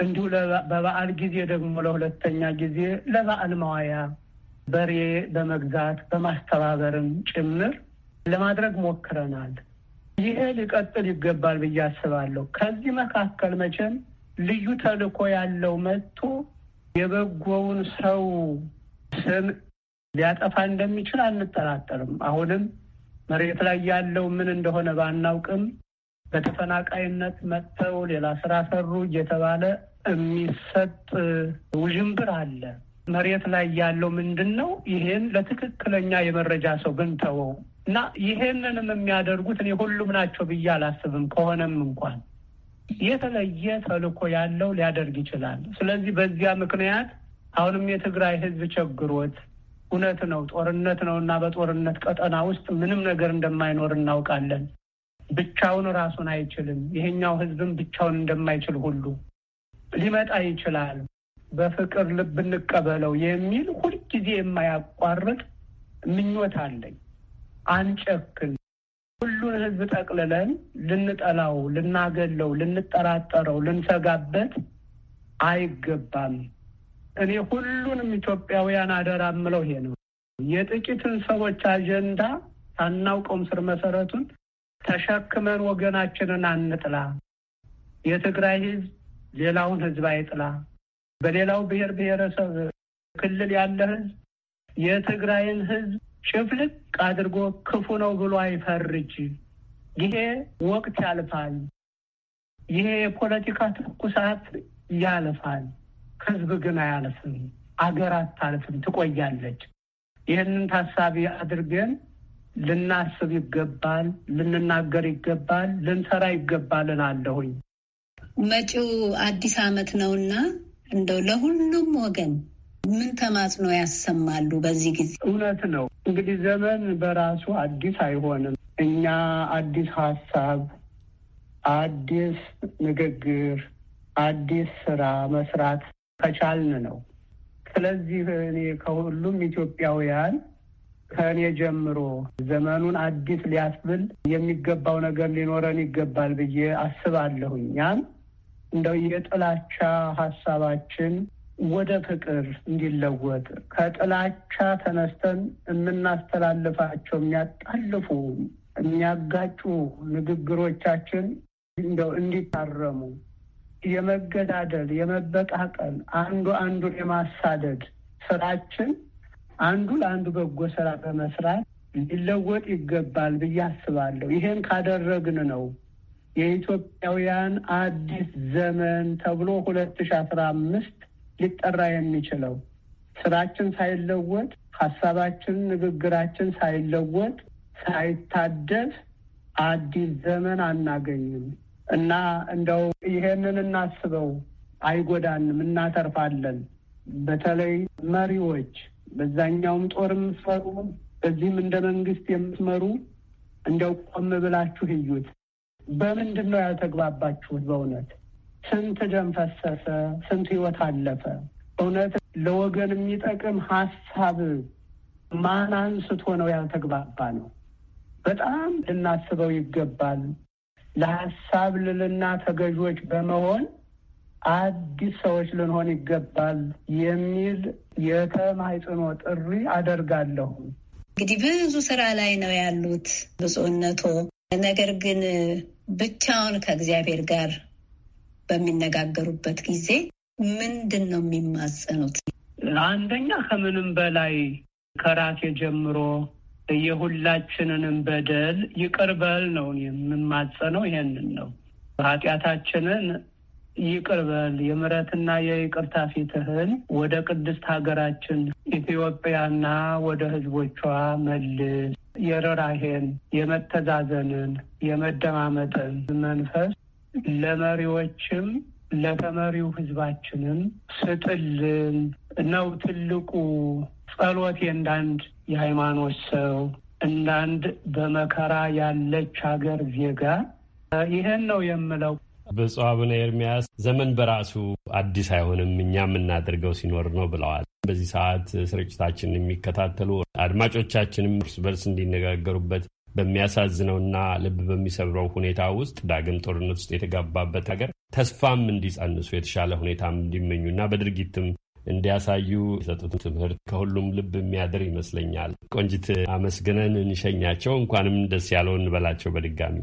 እንዲሁ በበዓል ጊዜ ደግሞ ለሁለተኛ ጊዜ ለበዓል መዋያ በሬ በመግዛት በማስተባበርም ጭምር ለማድረግ ሞክረናል። ይሄ ሊቀጥል ይገባል ብዬ አስባለሁ። ከዚህ መካከል መቼም ልዩ ተልዕኮ ያለው መጥቶ የበጎውን ሰው ስም ሊያጠፋ እንደሚችል አንጠራጠርም። አሁንም መሬት ላይ ያለው ምን እንደሆነ ባናውቅም በተፈናቃይነት መጥተው ሌላ ስራ ሰሩ እየተባለ የሚሰጥ ውዥንብር አለ። መሬት ላይ ያለው ምንድን ነው? ይሄን ለትክክለኛ የመረጃ ሰው ብንተወው እና ይሄንንም የሚያደርጉት እኔ ሁሉም ናቸው ብዬ አላስብም። ከሆነም እንኳን የተለየ ተልእኮ ያለው ሊያደርግ ይችላል። ስለዚህ በዚያ ምክንያት አሁንም የትግራይ ህዝብ ቸግሮት እውነት ነው፣ ጦርነት ነው እና በጦርነት ቀጠና ውስጥ ምንም ነገር እንደማይኖር እናውቃለን። ብቻውን ራሱን አይችልም። ይሄኛው ህዝብም ብቻውን እንደማይችል ሁሉ ሊመጣ ይችላል። በፍቅር ልብ እንቀበለው የሚል ሁልጊዜ የማያቋርጥ ምኞት አለኝ። አንጨክን። ሁሉን ህዝብ ጠቅልለን ልንጠላው፣ ልናገለው፣ ልንጠራጠረው፣ ልንሰጋበት አይገባም። እኔ ሁሉንም ኢትዮጵያውያን አደራ ምለው ይሄ ነው። የጥቂትን ሰዎች አጀንዳ ሳናውቀውም ስር መሰረቱን ተሸክመን ወገናችንን አንጥላ። የትግራይ ህዝብ ሌላውን ህዝብ አይጥላ። በሌላው ብሔር ብሔረሰብ ክልል ያለ ህዝብ የትግራይን ህዝብ ሽፍልቅ አድርጎ ክፉ ነው ብሎ አይፈርጅ። ይሄ ወቅት ያልፋል። ይሄ የፖለቲካ ትኩሳት ያልፋል። ህዝብ ግን አያልፍም። አገር አታልፍም፣ ትቆያለች። ይህንን ታሳቢ አድርገን ልናስብ ይገባል፣ ልንናገር ይገባል፣ ልንሰራ ይገባል እላለሁኝ። መጪው አዲስ ዓመት ነውና እንደው ለሁሉም ወገን ምን ተማጽኖ ያሰማሉ በዚህ ጊዜ? እውነት ነው እንግዲህ ዘመን በራሱ አዲስ አይሆንም። እኛ አዲስ ሀሳብ፣ አዲስ ንግግር፣ አዲስ ስራ መስራት ከቻልን ነው። ስለዚህ እኔ ከሁሉም ኢትዮጵያውያን ከእኔ ጀምሮ ዘመኑን አዲስ ሊያስብል የሚገባው ነገር ሊኖረን ይገባል ብዬ አስባለሁ ያን እንደው የጥላቻ ሀሳባችን ወደ ፍቅር እንዲለወጥ ከጥላቻ ተነስተን የምናስተላልፋቸው የሚያጣልፉ የሚያጋጩ ንግግሮቻችን እንደው እንዲታረሙ የመገዳደል፣ የመበቃቀል፣ አንዱ አንዱን የማሳደድ ስራችን አንዱ ለአንዱ በጎ ስራ በመስራት ሊለወጥ ይገባል ብዬ አስባለሁ። ይሄን ካደረግን ነው የኢትዮጵያውያን አዲስ ዘመን ተብሎ ሁለት ሺ አስራ አምስት ሊጠራ የሚችለው ስራችን ሳይለወጥ፣ ሀሳባችን፣ ንግግራችን ሳይለወጥ፣ ሳይታደስ አዲስ ዘመን አናገኝም እና እንደው ይሄንን እናስበው። አይጎዳንም፣ እናተርፋለን። በተለይ መሪዎች በዛኛውም ጦር የምትመሩ በዚህም እንደ መንግስት የምትመሩ እንደው ቆም ብላችሁ እዩት። በምንድን ነው ያልተግባባችሁት በእውነት? ስንት ደም ፈሰሰ፣ ስንት ህይወት አለፈ። እውነት ለወገን የሚጠቅም ሀሳብ ማን አንስቶ ነው ያልተግባባ ነው። በጣም ልናስበው ይገባል። ለሀሳብ ልልና ተገዦች በመሆን አዲስ ሰዎች ልንሆን ይገባል የሚል የተማይጽኖ ጥሪ አደርጋለሁ። እንግዲህ ብዙ ስራ ላይ ነው ያሉት ብፁዕነቶ። ነገር ግን ብቻውን ከእግዚአብሔር ጋር በሚነጋገሩበት ጊዜ ምንድን ነው የሚማጸኑት? አንደኛ ከምንም በላይ ከራሴ ጀምሮ የሁላችንንም በደል ይቅር በል ነው የምማጸነው። ይሄንን ነው ኃጢአታችንን ይቅር በል የምሕረትና የይቅርታ ፊትህን ወደ ቅድስት ሀገራችን ኢትዮጵያና ወደ ሕዝቦቿ መልስ። የርኅራኄን፣ የመተዛዘንን፣ የመደማመጥን መንፈስ ለመሪዎችም ለተመሪው ህዝባችንም ስጥልን ነው ትልቁ ጸሎቴ። እንዳንድ የሃይማኖት ሰው እንዳንድ በመከራ ያለች ሀገር ዜጋ ይህን ነው የምለው። ብፁዕ አቡነ ኤርሚያስ ዘመን በራሱ አዲስ አይሆንም፣ እኛ የምናደርገው ሲኖር ነው ብለዋል። በዚህ ሰዓት ስርጭታችንን የሚከታተሉ አድማጮቻችንም እርስ በርስ እንዲነጋገሩበት በሚያሳዝነውና ልብ በሚሰብረው ሁኔታ ውስጥ ዳግም ጦርነት ውስጥ የተጋባበት ሀገር ተስፋም እንዲጸንሱ የተሻለ ሁኔታም እንዲመኙና በድርጊትም እንዲያሳዩ የሰጡትን ትምህርት ከሁሉም ልብ የሚያድር ይመስለኛል። ቆንጅት አመስግነን እንሸኛቸው። እንኳንም ደስ ያለው እንበላቸው። በድጋሚ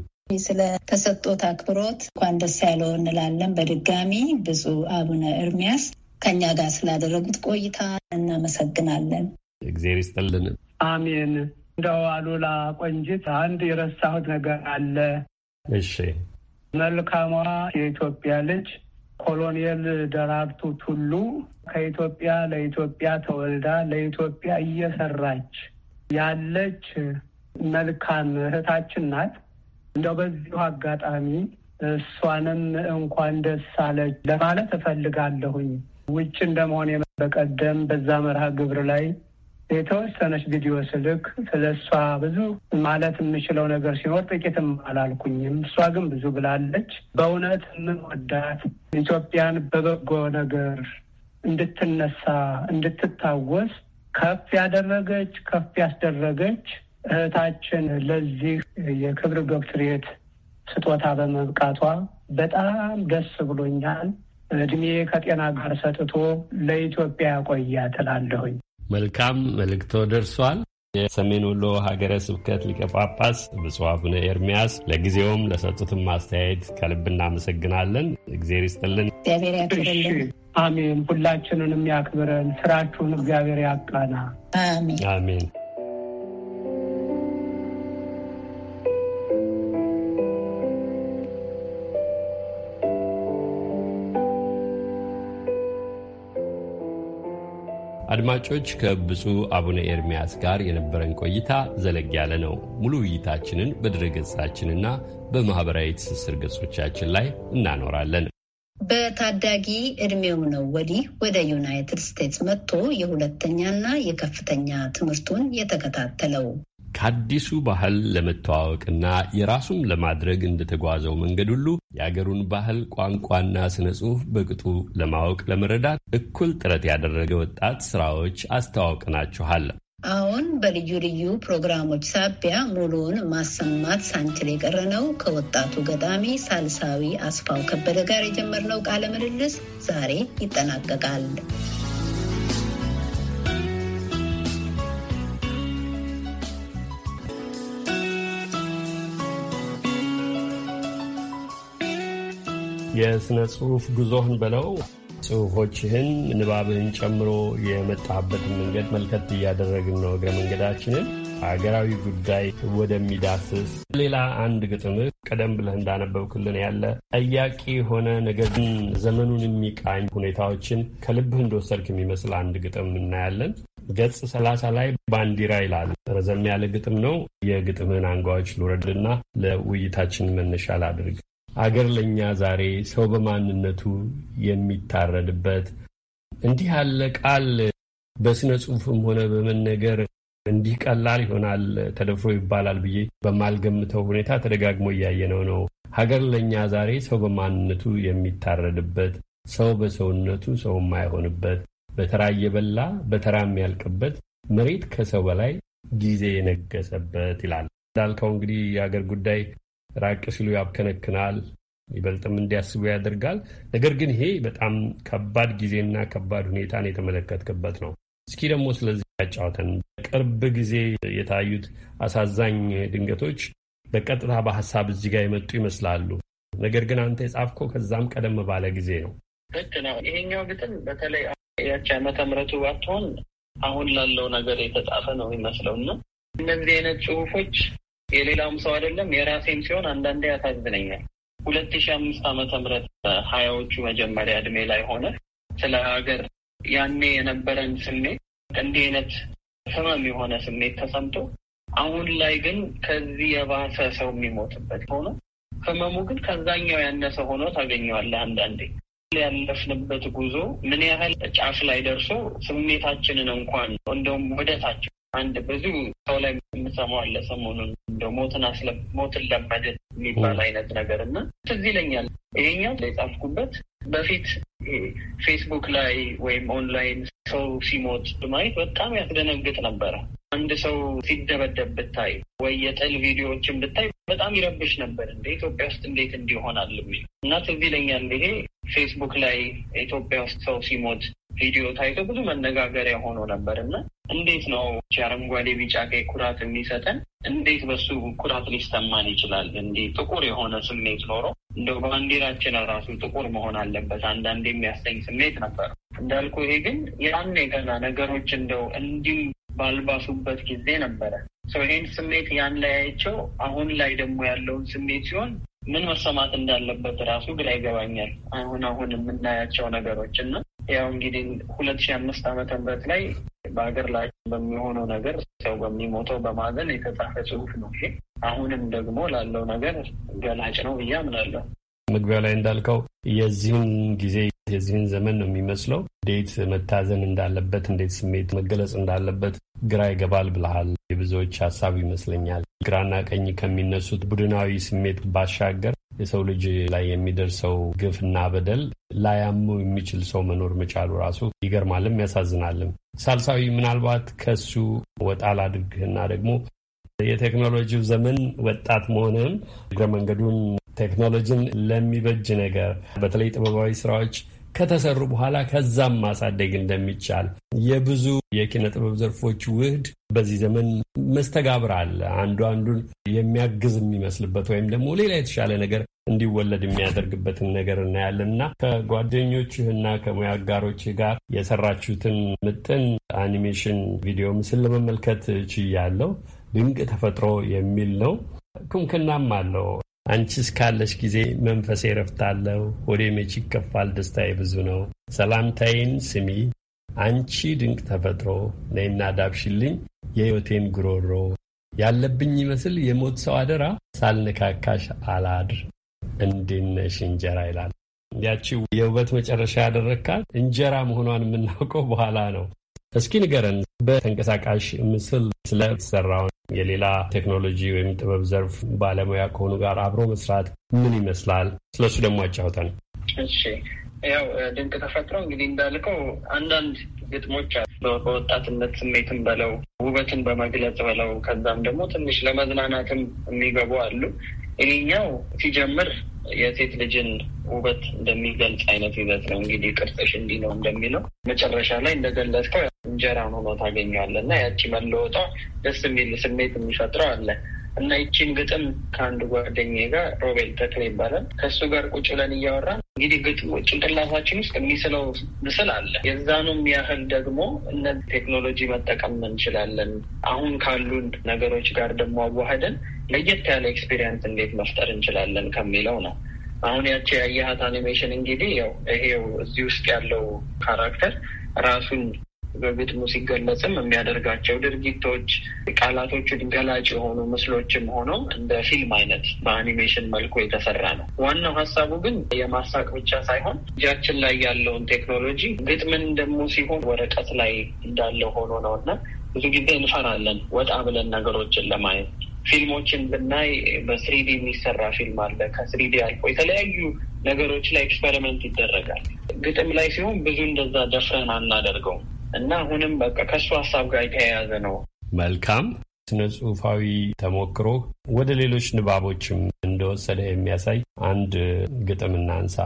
ስለ ተሰጦት አክብሮት እንኳን ደስ ያለው እንላለን። በድጋሚ ብፁዕ አቡነ እርሚያስ ከእኛ ጋር ስላደረጉት ቆይታ እናመሰግናለን። እግዜር ይስጥልን። አሜን። እንደው አሉላ ቆንጅት አንድ የረሳሁት ነገር አለ። እሺ መልካሟ የኢትዮጵያ ልጅ ኮሎኔል ደራርቱ ቱሉ ከኢትዮጵያ ለኢትዮጵያ ተወልዳ ለኢትዮጵያ እየሰራች ያለች መልካም እህታችን ናት። እንደው በዚሁ አጋጣሚ እሷንም እንኳን ደስ አለች ለማለት እፈልጋለሁኝ። ውጭ እንደመሆን በቀደም በዛ መርሃ ግብር ላይ የተወሰነች ቪዲዮ ስልክ ስለ ብዙ ማለት የምችለው ነገር ሲኖር ጥቂትም አላልኩኝም። እሷ ግን ብዙ ብላለች። በእውነት የምንወዳት ኢትዮጵያን በበጎ ነገር እንድትነሳ እንድትታወስ ከፍ ያደረገች ከፍ ያስደረገች እህታችን ለዚህ የክብር ዶክትሬት ስጦታ በመብቃቷ በጣም ደስ ብሎኛል። እድሜ ከጤና ጋር ሰጥቶ ለኢትዮጵያ ያቆያት ትላለሁኝ። መልካም መልእክቶ ደርሷል። የሰሜን ወሎ ሀገረ ስብከት ሊቀ ጳጳስ ብፁዕ አቡነ ኤርሚያስ ለጊዜውም ለሰጡትም ማስተያየት ከልብ እናመሰግናለን። እግዜር ይስጥልን። አሜን። ሁላችንንም ያክብረን። ስራችሁን እግዚአብሔር ያቃና። አሜን። አድማጮች ከብፁዕ አቡነ ኤርሚያስ ጋር የነበረን ቆይታ ዘለግ ያለ ነው። ሙሉ ውይይታችንን በድረገጻችንና በማኅበራዊ ትስስር ገጾቻችን ላይ እናኖራለን። በታዳጊ እድሜው ነው ወዲህ ወደ ዩናይትድ ስቴትስ መጥቶ የሁለተኛና የከፍተኛ ትምህርቱን የተከታተለው ከአዲሱ ባህል ለመተዋወቅና የራሱም ለማድረግ እንደተጓዘው መንገድ ሁሉ የአገሩን ባህል ቋንቋና ስነ ጽሑፍ በቅጡ ለማወቅ ለመረዳት እኩል ጥረት ያደረገ ወጣት ስራዎች አስተዋውቀናችኋል። አሁን በልዩ ልዩ ፕሮግራሞች ሳቢያ ሙሉውን ማሰማት ሳንችል የቀረ ነው። ከወጣቱ ገጣሚ ሳልሳዊ አስፋው ከበደ ጋር የጀመርነው ቃለ ምልልስ ዛሬ ይጠናቀቃል። የሥነ ጽሑፍ ጉዞህን ብለው ጽሑፎችህን ንባብህን ጨምሮ የመጣህበትን መንገድ መልከት እያደረግን ነው። እግረ መንገዳችንን ሀገራዊ ጉዳይ ወደሚዳስስ ሌላ አንድ ግጥምህ ቀደም ብለህ እንዳነበብክልን ያለ ጠያቂ የሆነ ነገር ግን ዘመኑን የሚቃኝ ሁኔታዎችን ከልብህ እንደወሰድክ የሚመስል አንድ ግጥም እናያለን። ገጽ ሰላሳ ላይ ባንዲራ ይላል። ረዘም ያለ ግጥም ነው። የግጥምህን አንጓዎች ልውረድና ለውይይታችን መነሻ ላድርግ። አገር ለእኛ ዛሬ ሰው በማንነቱ የሚታረድበት እንዲህ ያለ ቃል በስነ ጽሁፍም ሆነ በመነገር እንዲህ ቀላል ይሆናል ተደፍሮ ይባላል ብዬ በማልገምተው ሁኔታ ተደጋግሞ እያየነው ነው። ሀገር ለእኛ ዛሬ ሰው በማንነቱ የሚታረድበት፣ ሰው በሰውነቱ ሰው የማይሆንበት፣ በተራ እየበላ በተራ የሚያልቅበት፣ መሬት ከሰው በላይ ጊዜ የነገሰበት ይላል። እንዳልከው እንግዲህ የአገር ጉዳይ ራቅ ሲሉ ያብከነክናል፣ ይበልጥም እንዲያስቡ ያደርጋል። ነገር ግን ይሄ በጣም ከባድ ጊዜና ከባድ ሁኔታን የተመለከትክበት ነው። እስኪ ደግሞ ስለዚህ ያጫወተን በቅርብ ጊዜ የታዩት አሳዛኝ ድንገቶች በቀጥታ በሀሳብ እዚህ ጋር የመጡ ይመስላሉ። ነገር ግን አንተ የጻፍከው ከዛም ቀደም ባለ ጊዜ ነው። ልክ ነው። ይሄኛው ግጥም በተለይ ያቺ ዓመተ ምሕረቱ ባትሆን አሁን ላለው ነገር የተጻፈ ነው የሚመስለው እና እነዚህ አይነት ጽሁፎች የሌላውም ሰው አይደለም የራሴም ሲሆን አንዳንዴ ያሳዝነኛል። ሁለት ሺ አምስት ዓመተ ምህረት ሀያዎቹ መጀመሪያ እድሜ ላይ ሆነ ስለ ሀገር ያኔ የነበረን ስሜት እንዲህ አይነት ህመም የሆነ ስሜት ተሰምቶ አሁን ላይ ግን ከዚህ የባሰ ሰው የሚሞትበት ሆኖ ህመሙ ግን ከዛኛው ያነሰ ሆኖ ታገኘዋለህ። አንዳንዴ ያለፍንበት ጉዞ ምን ያህል ጫፍ ላይ ደርሶ ስሜታችንን እንኳን እንደውም ወደ አንድ ብዙ ሰው ላይ የምሰማው አለ ሰሞኑን እንደ ሞትን አስለ ሞትን ለማደት የሚባል አይነት ነገር እና ትዝ ይለኛል። ይሄኛው የጻፍኩበት በፊት ፌስቡክ ላይ ወይም ኦንላይን ሰው ሲሞት ማየት በጣም ያስደነግጥ ነበረ። አንድ ሰው ሲደበደብ ብታይ ወይ የጥል ቪዲዮዎችን ብታይ በጣም ይረብሽ ነበር። እንደ ኢትዮጵያ ውስጥ እንዴት እንዲሆናል እና ትዝ ይለኛል ይሄ ፌስቡክ ላይ ኢትዮጵያ ውስጥ ሰው ሲሞት ቪዲዮ ታይቶ ብዙ መነጋገሪያ ሆኖ ነበር እና እንዴት ነው አረንጓዴ ቢጫ ቀይ ኩራት የሚሰጠን? እንዴት በሱ ኩራት ሊሰማን ይችላል? እንዲህ ጥቁር የሆነ ስሜት ኖሮ እንደው ባንዲራችን ራሱ ጥቁር መሆን አለበት አንዳንድ የሚያሰኝ ስሜት ነበር እንዳልኩ። ይሄ ግን ያን ገና ነገሮች እንደው እንዲሁ ባልባሱበት ጊዜ ነበረ ሰው ይህን ስሜት ያን ላይ አይቸው አሁን ላይ ደግሞ ያለውን ስሜት ሲሆን ምን መሰማት እንዳለበት ራሱ ግራ ይገባኛል። አሁን አሁን የምናያቸው ነገሮች እና ያው እንግዲህ ሁለት ሺህ አምስት ዓመተ ምህረት ላይ በሀገር ላይ በሚሆነው ነገር ሰው በሚሞተው በማዘን የተጻፈ ጽሁፍ ነው ይሄ። አሁንም ደግሞ ላለው ነገር ገላጭ ነው ብዬ አምናለሁ። መግቢያው ላይ እንዳልከው የዚህን ጊዜ የዚህን ዘመን ነው የሚመስለው። እንዴት መታዘን እንዳለበት፣ እንዴት ስሜት መገለጽ እንዳለበት ግራ ይገባል ብለሃል። የብዙዎች ሀሳብ ይመስለኛል። ግራና ቀኝ ከሚነሱት ቡድናዊ ስሜት ባሻገር የሰው ልጅ ላይ የሚደርሰው ግፍና በደል ላያሙ የሚችል ሰው መኖር መቻሉ ራሱ ይገርማልም ያሳዝናልም። ሳልሳዊ፣ ምናልባት ከሱ ወጣ ላድርግህና ደግሞ የቴክኖሎጂው ዘመን ወጣት መሆንህም እግረ መንገዱን ቴክኖሎጂን ለሚበጅ ነገር በተለይ ጥበባዊ ስራዎች ከተሰሩ በኋላ ከዛም ማሳደግ እንደሚቻል የብዙ የኪነ ጥበብ ዘርፎች ውህድ በዚህ ዘመን መስተጋብር አለ። አንዱ አንዱን የሚያግዝ የሚመስልበት ወይም ደግሞ ሌላ የተሻለ ነገር እንዲወለድ የሚያደርግበትን ነገር እናያለን እና ከጓደኞችህና ከሙያ አጋሮችህ ጋር የሰራችሁትን ምጥን አኒሜሽን ቪዲዮ ምስል ለመመልከት ችያለሁ። ድንቅ ተፈጥሮ የሚል ነው። ኩምክናም አለው። አንቺ እስካለሽ ጊዜ መንፈሴ ረፍታለሁ፣ ሆዴ መች ይከፋል፣ ደስታዬ ብዙ ነው። ሰላምታዬን ስሚ አንቺ ድንቅ ተፈጥሮ፣ ነይና ዳብሽልኝ የሕይወቴን ጉሮሮ፣ ያለብኝ ይመስል የሞት ሰው አደራ፣ ሳልነካካሽ አላድር፣ እንዴት እንጀራ ይላል። ያቺው የውበት መጨረሻ ያደረግካት እንጀራ መሆኗን የምናውቀው በኋላ ነው። እስኪ ንገረን በተንቀሳቃሽ ምስል ስለተሰራው የሌላ ቴክኖሎጂ ወይም ጥበብ ዘርፍ ባለሙያ ከሆኑ ጋር አብሮ መስራት ምን ይመስላል? ስለሱ ደግሞ አጫውተን። እሺ፣ ያው ድንቅ ተፈጥሮ እንግዲህ እንዳልከው አንዳንድ ግጥሞች በወጣትነት ስሜትን በለው ውበትን በመግለጽ በለው ከዛም ደግሞ ትንሽ ለመዝናናትም የሚገቡ አሉ። ይህኛው ሲጀምር የሴት ልጅን ውበት እንደሚገልጽ አይነት ይዘት ነው። እንግዲህ ቅርጽሽ እንዲህ ነው እንደሚለው መጨረሻ ላይ እንደገለጽከው እንጀራ ሆኖ ታገኘዋለ እና ያቺ መለወጧ ደስ የሚል ስሜት የሚፈጥረው አለ እና ይቺን ግጥም ከአንድ ጓደኛ ጋር ሮቤል ተክል ይባላል ከእሱ ጋር ቁጭ ብለን እያወራ እንግዲህ ግጥሞ ጭንቅላታችን ውስጥ የሚስለው ምስል አለ። የዛኑም ያህል ደግሞ እነ ቴክኖሎጂ መጠቀም እንችላለን። አሁን ካሉን ነገሮች ጋር ደግሞ አዋህደን ለየት ያለ ኤክስፔሪንስ እንዴት መፍጠር እንችላለን ከሚለው ነው። አሁን ያቺ ያየሀት አኒሜሽን እንግዲህ ያው ይሄው እዚህ ውስጥ ያለው ካራክተር ራሱን በግጥሙ ሲገለጽም የሚያደርጋቸው ድርጊቶች ቃላቶቹ ገላጭ የሆኑ ምስሎችም ሆነው እንደ ፊልም አይነት በአኒሜሽን መልኩ የተሰራ ነው። ዋናው ሀሳቡ ግን የማሳቅ ብቻ ሳይሆን እጃችን ላይ ያለውን ቴክኖሎጂ ግጥምን ደግሞ ሲሆን ወረቀት ላይ እንዳለ ሆኖ ነው እና ብዙ ጊዜ እንፈራለን ወጣ ብለን ነገሮችን ለማየት ፊልሞችን ብናይ በስሪዲ የሚሰራ ፊልም አለ። ከስሪዲ አልፎ የተለያዩ ነገሮች ላይ ኤክስፐሪመንት ይደረጋል። ግጥም ላይ ሲሆን ብዙ እንደዛ ደፍረን አናደርገውም። እና አሁንም በቃ ከእሱ ሀሳብ ጋር የተያያዘ ነው። መልካም ስነ ጽሁፋዊ ተሞክሮ ወደ ሌሎች ንባቦችም እንደወሰደ የሚያሳይ አንድ ግጥም እናንሳ።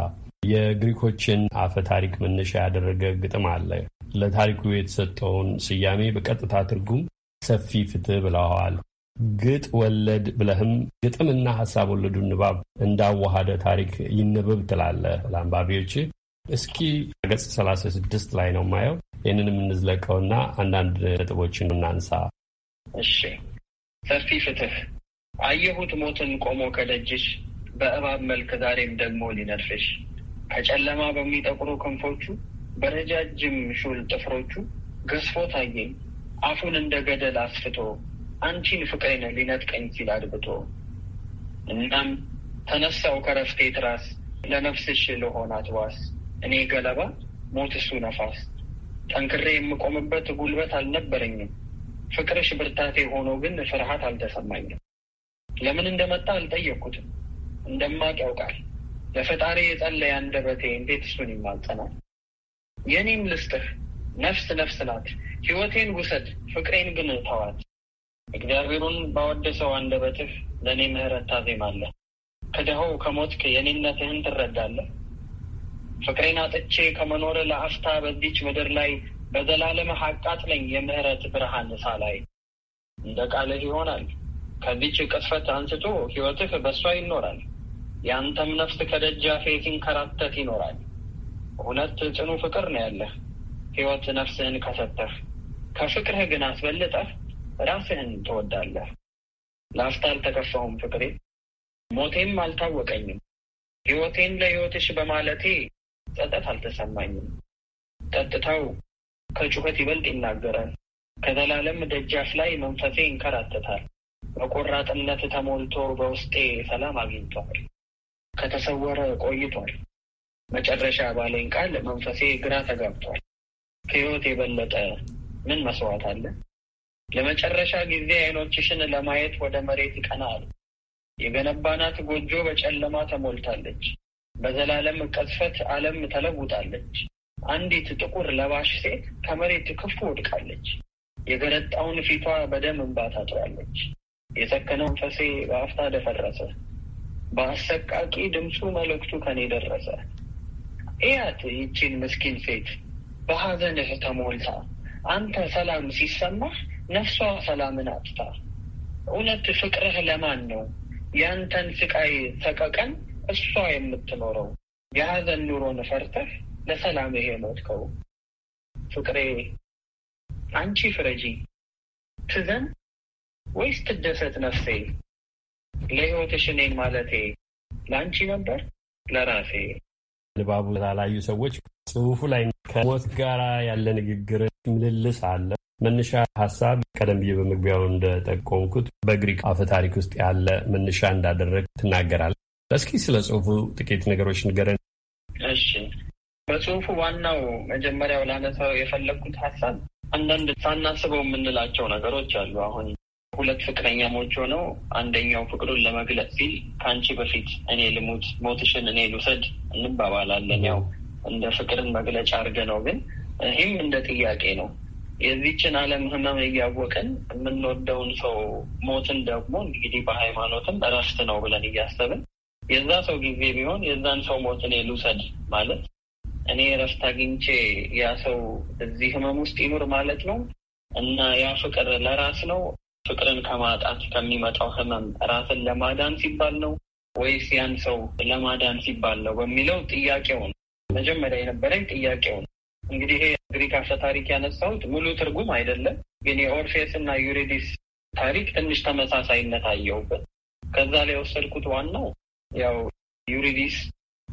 የግሪኮችን አፈ ታሪክ መነሻ ያደረገ ግጥም አለ። ለታሪኩ የተሰጠውን ስያሜ በቀጥታ ትርጉም ሰፊ ፍትህ ብለዋል። ግጥ ወለድ ብለህም ግጥምና ሀሳብ ወለዱ ንባብ እንዳዋሃደ ታሪክ ይነበብ ትላለህ ለአንባቢዎች። እስኪ ገጽ 36 ላይ ነው ማየው ይህንን የምንዝለቀውና አንዳንድ ነጥቦችን እናንሳ። እሺ፣ ሰፊ ፍትህ አየሁት ሞትን ቆሞ ከደጅሽ በእባብ መልክ ዛሬም ደግሞ ሊነድፍሽ ከጨለማ በሚጠቁሩ ክንፎቹ በረጃጅም ሹል ጥፍሮቹ ገዝፎ ታየኝ አፉን እንደ ገደል አስፍቶ አንቺን ፍቅሬን ሊነጥቀኝ ሲል አድብቶ እናም ተነሳው ከረፍቴ ትራስ ለነፍስሽ ልሆን አትዋስ እኔ ገለባ ሞት እሱ ነፋስ ጠንክሬ የምቆምበት ጉልበት አልነበረኝም። ፍቅርሽ ብርታቴ ሆኖ ግን ፍርሃት አልተሰማኝም። ለምን እንደመጣ አልጠየቅኩትም። እንደማቅ ያውቃል። ለፈጣሪ የጸለየ አንደበቴ እንዴት እሱን ይማጸናል? የእኔም ልስጥህ፣ ነፍስ ነፍስ ናት። ሕይወቴን ውሰድ፣ ፍቅሬን ግን ተዋት። እግዚአብሔሩን ባወደሰው አንደበትህ ለእኔ ምህረት ታዜማለህ። ከደኸው ከሞትክ የኔነትህን ትረዳለህ። ፍቅሬን አጥቼ ከመኖር ለአፍታ በዚች ምድር ላይ በዘላለም አቃጥለኝ የምህረት ብርሃን ሳላይ እንደ ቃልህ ይሆናል። ከዚች ቅጥፈት አንስቶ ሕይወትህ በእሷ ይኖራል። የአንተም ነፍስ ከደጃፌ ሲንከራተት ይኖራል። እውነት ጽኑ ፍቅር ነው ያለህ ሕይወት ነፍስህን ከሰተህ ከፍቅርህ ግን አስበልጠህ ራስህን ትወዳለህ። ላፍታ አልተከፋሁም ፍቅሬ፣ ሞቴም አልታወቀኝም ህይወቴን ለህይወትሽ በማለቴ ጸጸት አልተሰማኝም። ጸጥታው ከጩኸት ይበልጥ ይናገራል። ከዘላለም ደጃፍ ላይ መንፈሴ ይንከራተታል። በቆራጥነት ተሞልቶ በውስጤ ሰላም አግኝቷል። ከተሰወረ ቆይቷል። መጨረሻ ባለኝ ቃል መንፈሴ ግራ ተጋብቷል። ከህይወት የበለጠ ምን መስዋዕት አለ? ለመጨረሻ ጊዜ አይኖችሽን ለማየት ወደ መሬት ይቀና አሉ። የገነባናት ጎጆ በጨለማ ተሞልታለች። በዘላለም ቅጽፈት ዓለም ተለውጣለች። አንዲት ጥቁር ለባሽ ሴት ከመሬት ክፉ ወድቃለች። የገረጣውን ፊቷ በደም እንባ ታጥራለች። የሰከነውን ፈሴ በአፍታ ደፈረሰ። በአሰቃቂ ድምፁ መልእክቱ ከኔ ደረሰ። እያት ይቺን ምስኪን ሴት በሐዘንህ ተሞልታ፣ አንተ ሰላም ሲሰማህ ነፍሷ ሰላምን አጥታ። እውነት ፍቅርህ ለማን ነው? ያንተን ስቃይ ሰቀቀን እሷ የምትኖረው የሀዘን ኑሮ ንፈርተህ ለሰላም ይሄ ሞትከው ፍቅሬ አንቺ ፍረጂ ትዘን ወይስ ትደሰት ነፍሴ ለህይወትሽ እኔን ማለቴ ለአንቺ ነበር ለራሴ። ልባቡ ላላዩ ሰዎች ጽሁፉ ላይ ከሞት ጋር ያለ ንግግር ምልልስ አለ። መነሻ ሀሳብ ቀደም ብዬ በመግቢያው እንደጠቆምኩት በግሪክ አፈ ታሪክ ውስጥ ያለ መነሻ እንዳደረግ ትናገራል። እስኪ ስለ ጽሁፉ ጥቂት ነገሮች ንገረን። እሺ፣ በጽሁፉ ዋናው መጀመሪያው ላነሳው የፈለግኩት ሀሳብ አንዳንድ ሳናስበው የምንላቸው ነገሮች አሉ። አሁን ሁለት ፍቅረኛሞች ሆነው አንደኛው ፍቅሩን ለመግለጽ ሲል ከአንቺ በፊት እኔ ልሙት፣ ሞትሽን እኔ ልውሰድ እንባባላለን። ያው እንደ ፍቅርን መግለጫ አድርገ ነው፣ ግን ይህም እንደ ጥያቄ ነው። የዚችን ዓለም ህመም እያወቅን የምንወደውን ሰው ሞትን ደግሞ እንግዲህ በሃይማኖትም እረፍት ነው ብለን እያሰብን የዛ ሰው ጊዜ ቢሆን የዛን ሰው ሞት እኔ ልውሰድ ማለት እኔ እረፍት አግኝቼ ያ ሰው እዚህ ህመም ውስጥ ይኑር ማለት ነው እና ያ ፍቅር ለራስ ነው ፍቅርን ከማጣት ከሚመጣው ህመም ራስን ለማዳን ሲባል ነው ወይስ ያን ሰው ለማዳን ሲባል ነው በሚለው ጥያቄው ነው መጀመሪያ የነበረኝ ጥያቄው ነው። እንግዲህ ይሄ ግሪክ አፈ ታሪክ ያነሳሁት ሙሉ ትርጉም አይደለም፣ ግን የኦርፌስ እና ዩሪዲስ ታሪክ ትንሽ ተመሳሳይነት አየሁበት። ከዛ ላይ የወሰድኩት ዋናው ያው ዩሪዲስ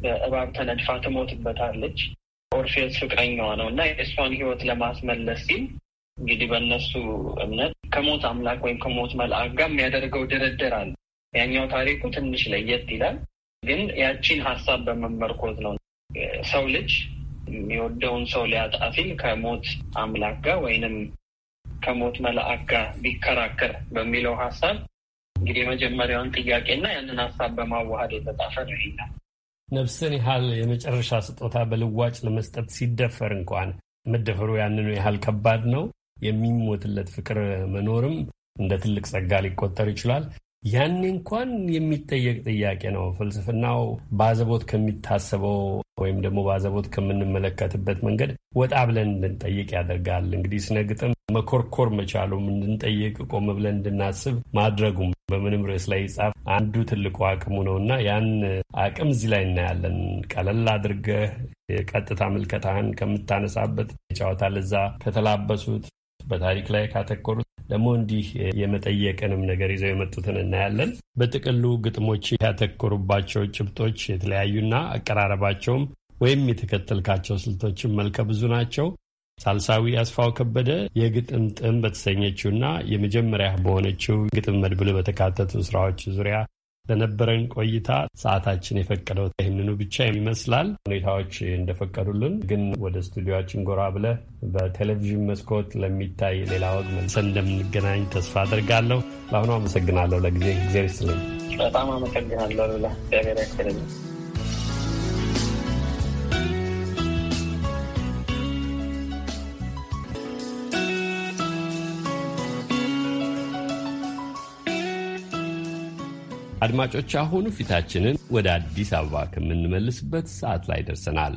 በእባብ ተነድፋ ትሞትበታለች። ኦርፌስ ፍቅረኛዋ ነው እና የእሷን ህይወት ለማስመለስ ሲል እንግዲህ በእነሱ እምነት ከሞት አምላክ ወይም ከሞት መልአክ ጋር የሚያደርገው ድርድር አለ። ያኛው ታሪኩ ትንሽ ለየት ይላል፣ ግን ያቺን ሀሳብ በመመርኮዝ ነው ሰው ልጅ የሚወደውን ሰው ሊያጣ ሲል ከሞት አምላክ ጋር ወይንም ከሞት መልአክ ጋር ቢከራከር በሚለው ሀሳብ እንግዲህ የመጀመሪያውን ጥያቄና ያንን ሀሳብ በማዋሃድ የተጻፈ ነው። ይሄ ነፍስን ያህል የመጨረሻ ስጦታ በልዋጭ ለመስጠት ሲደፈር እንኳን መደፈሩ ያንኑ ያህል ከባድ ነው። የሚሞትለት ፍቅር መኖርም እንደ ትልቅ ጸጋ ሊቆጠር ይችላል። ያን እንኳን የሚጠየቅ ጥያቄ ነው። ፍልስፍናው በአዘቦት ከሚታሰበው ወይም ደግሞ በአዘቦት ከምንመለከትበት መንገድ ወጣ ብለን እንድንጠይቅ ያደርጋል። እንግዲህ ስነ ግጥም መኮርኮር መቻሉም እንድንጠይቅ ቆም ብለን እንድናስብ ማድረጉም በምንም ርዕስ ላይ ይጻፍ አንዱ ትልቁ አቅሙ ነው እና ያን አቅም እዚህ ላይ እናያለን። ቀለል አድርገህ የቀጥታ ምልከታህን ከምታነሳበት የጨዋታ ለዛ ከተላበሱት በታሪክ ላይ ካተኮሩት ደግሞ እንዲህ የመጠየቅንም ነገር ይዘው የመጡትን እናያለን። በጥቅሉ ግጥሞች ያተኮሩባቸው ጭብጦች የተለያዩና አቀራረባቸውም ወይም የተከተልካቸው ስልቶችም መልከ ብዙ ናቸው። ሳልሳዊ አስፋው ከበደ የግጥም ጥም በተሰኘችውና የመጀመሪያ በሆነችው ግጥም መድብል በተካተቱ ስራዎች ዙሪያ ለነበረን ቆይታ ሰዓታችን የፈቀደው ይህንኑ ብቻ ይመስላል። ሁኔታዎች እንደፈቀዱልን ግን ወደ ስቱዲዮችን ጎራ ብለህ በቴሌቪዥን መስኮት ለሚታይ ሌላ ወግ መልሰን እንደምንገናኝ ተስፋ አድርጋለሁ። ለአሁኑ አመሰግናለሁ። ለጊዜ እግዜር ይስጥልኝ። በጣም አመሰግናለሁ። ላ አድማጮች አሁኑ ፊታችንን ወደ አዲስ አበባ ከምንመልስበት ሰዓት ላይ ደርሰናል።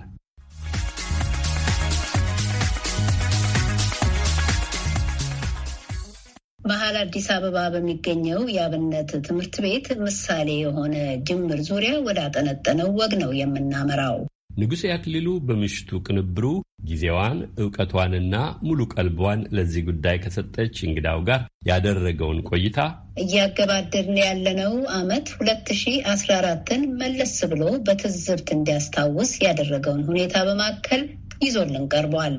መሀል አዲስ አበባ በሚገኘው የአብነት ትምህርት ቤት ምሳሌ የሆነ ጅምር ዙሪያ ወዳጠነጠነው ወግ ነው የምናመራው። ንጉሥ ያክሊሉ በምሽቱ ቅንብሩ ጊዜዋን እውቀቷንና ሙሉ ቀልቧን ለዚህ ጉዳይ ከሰጠች እንግዳው ጋር ያደረገውን ቆይታ እያገባደድን ያለነው ዓመት 2014 አራትን መለስ ብሎ በትዝብት እንዲያስታውስ ያደረገውን ሁኔታ በማከል ይዞልን ቀርቧል።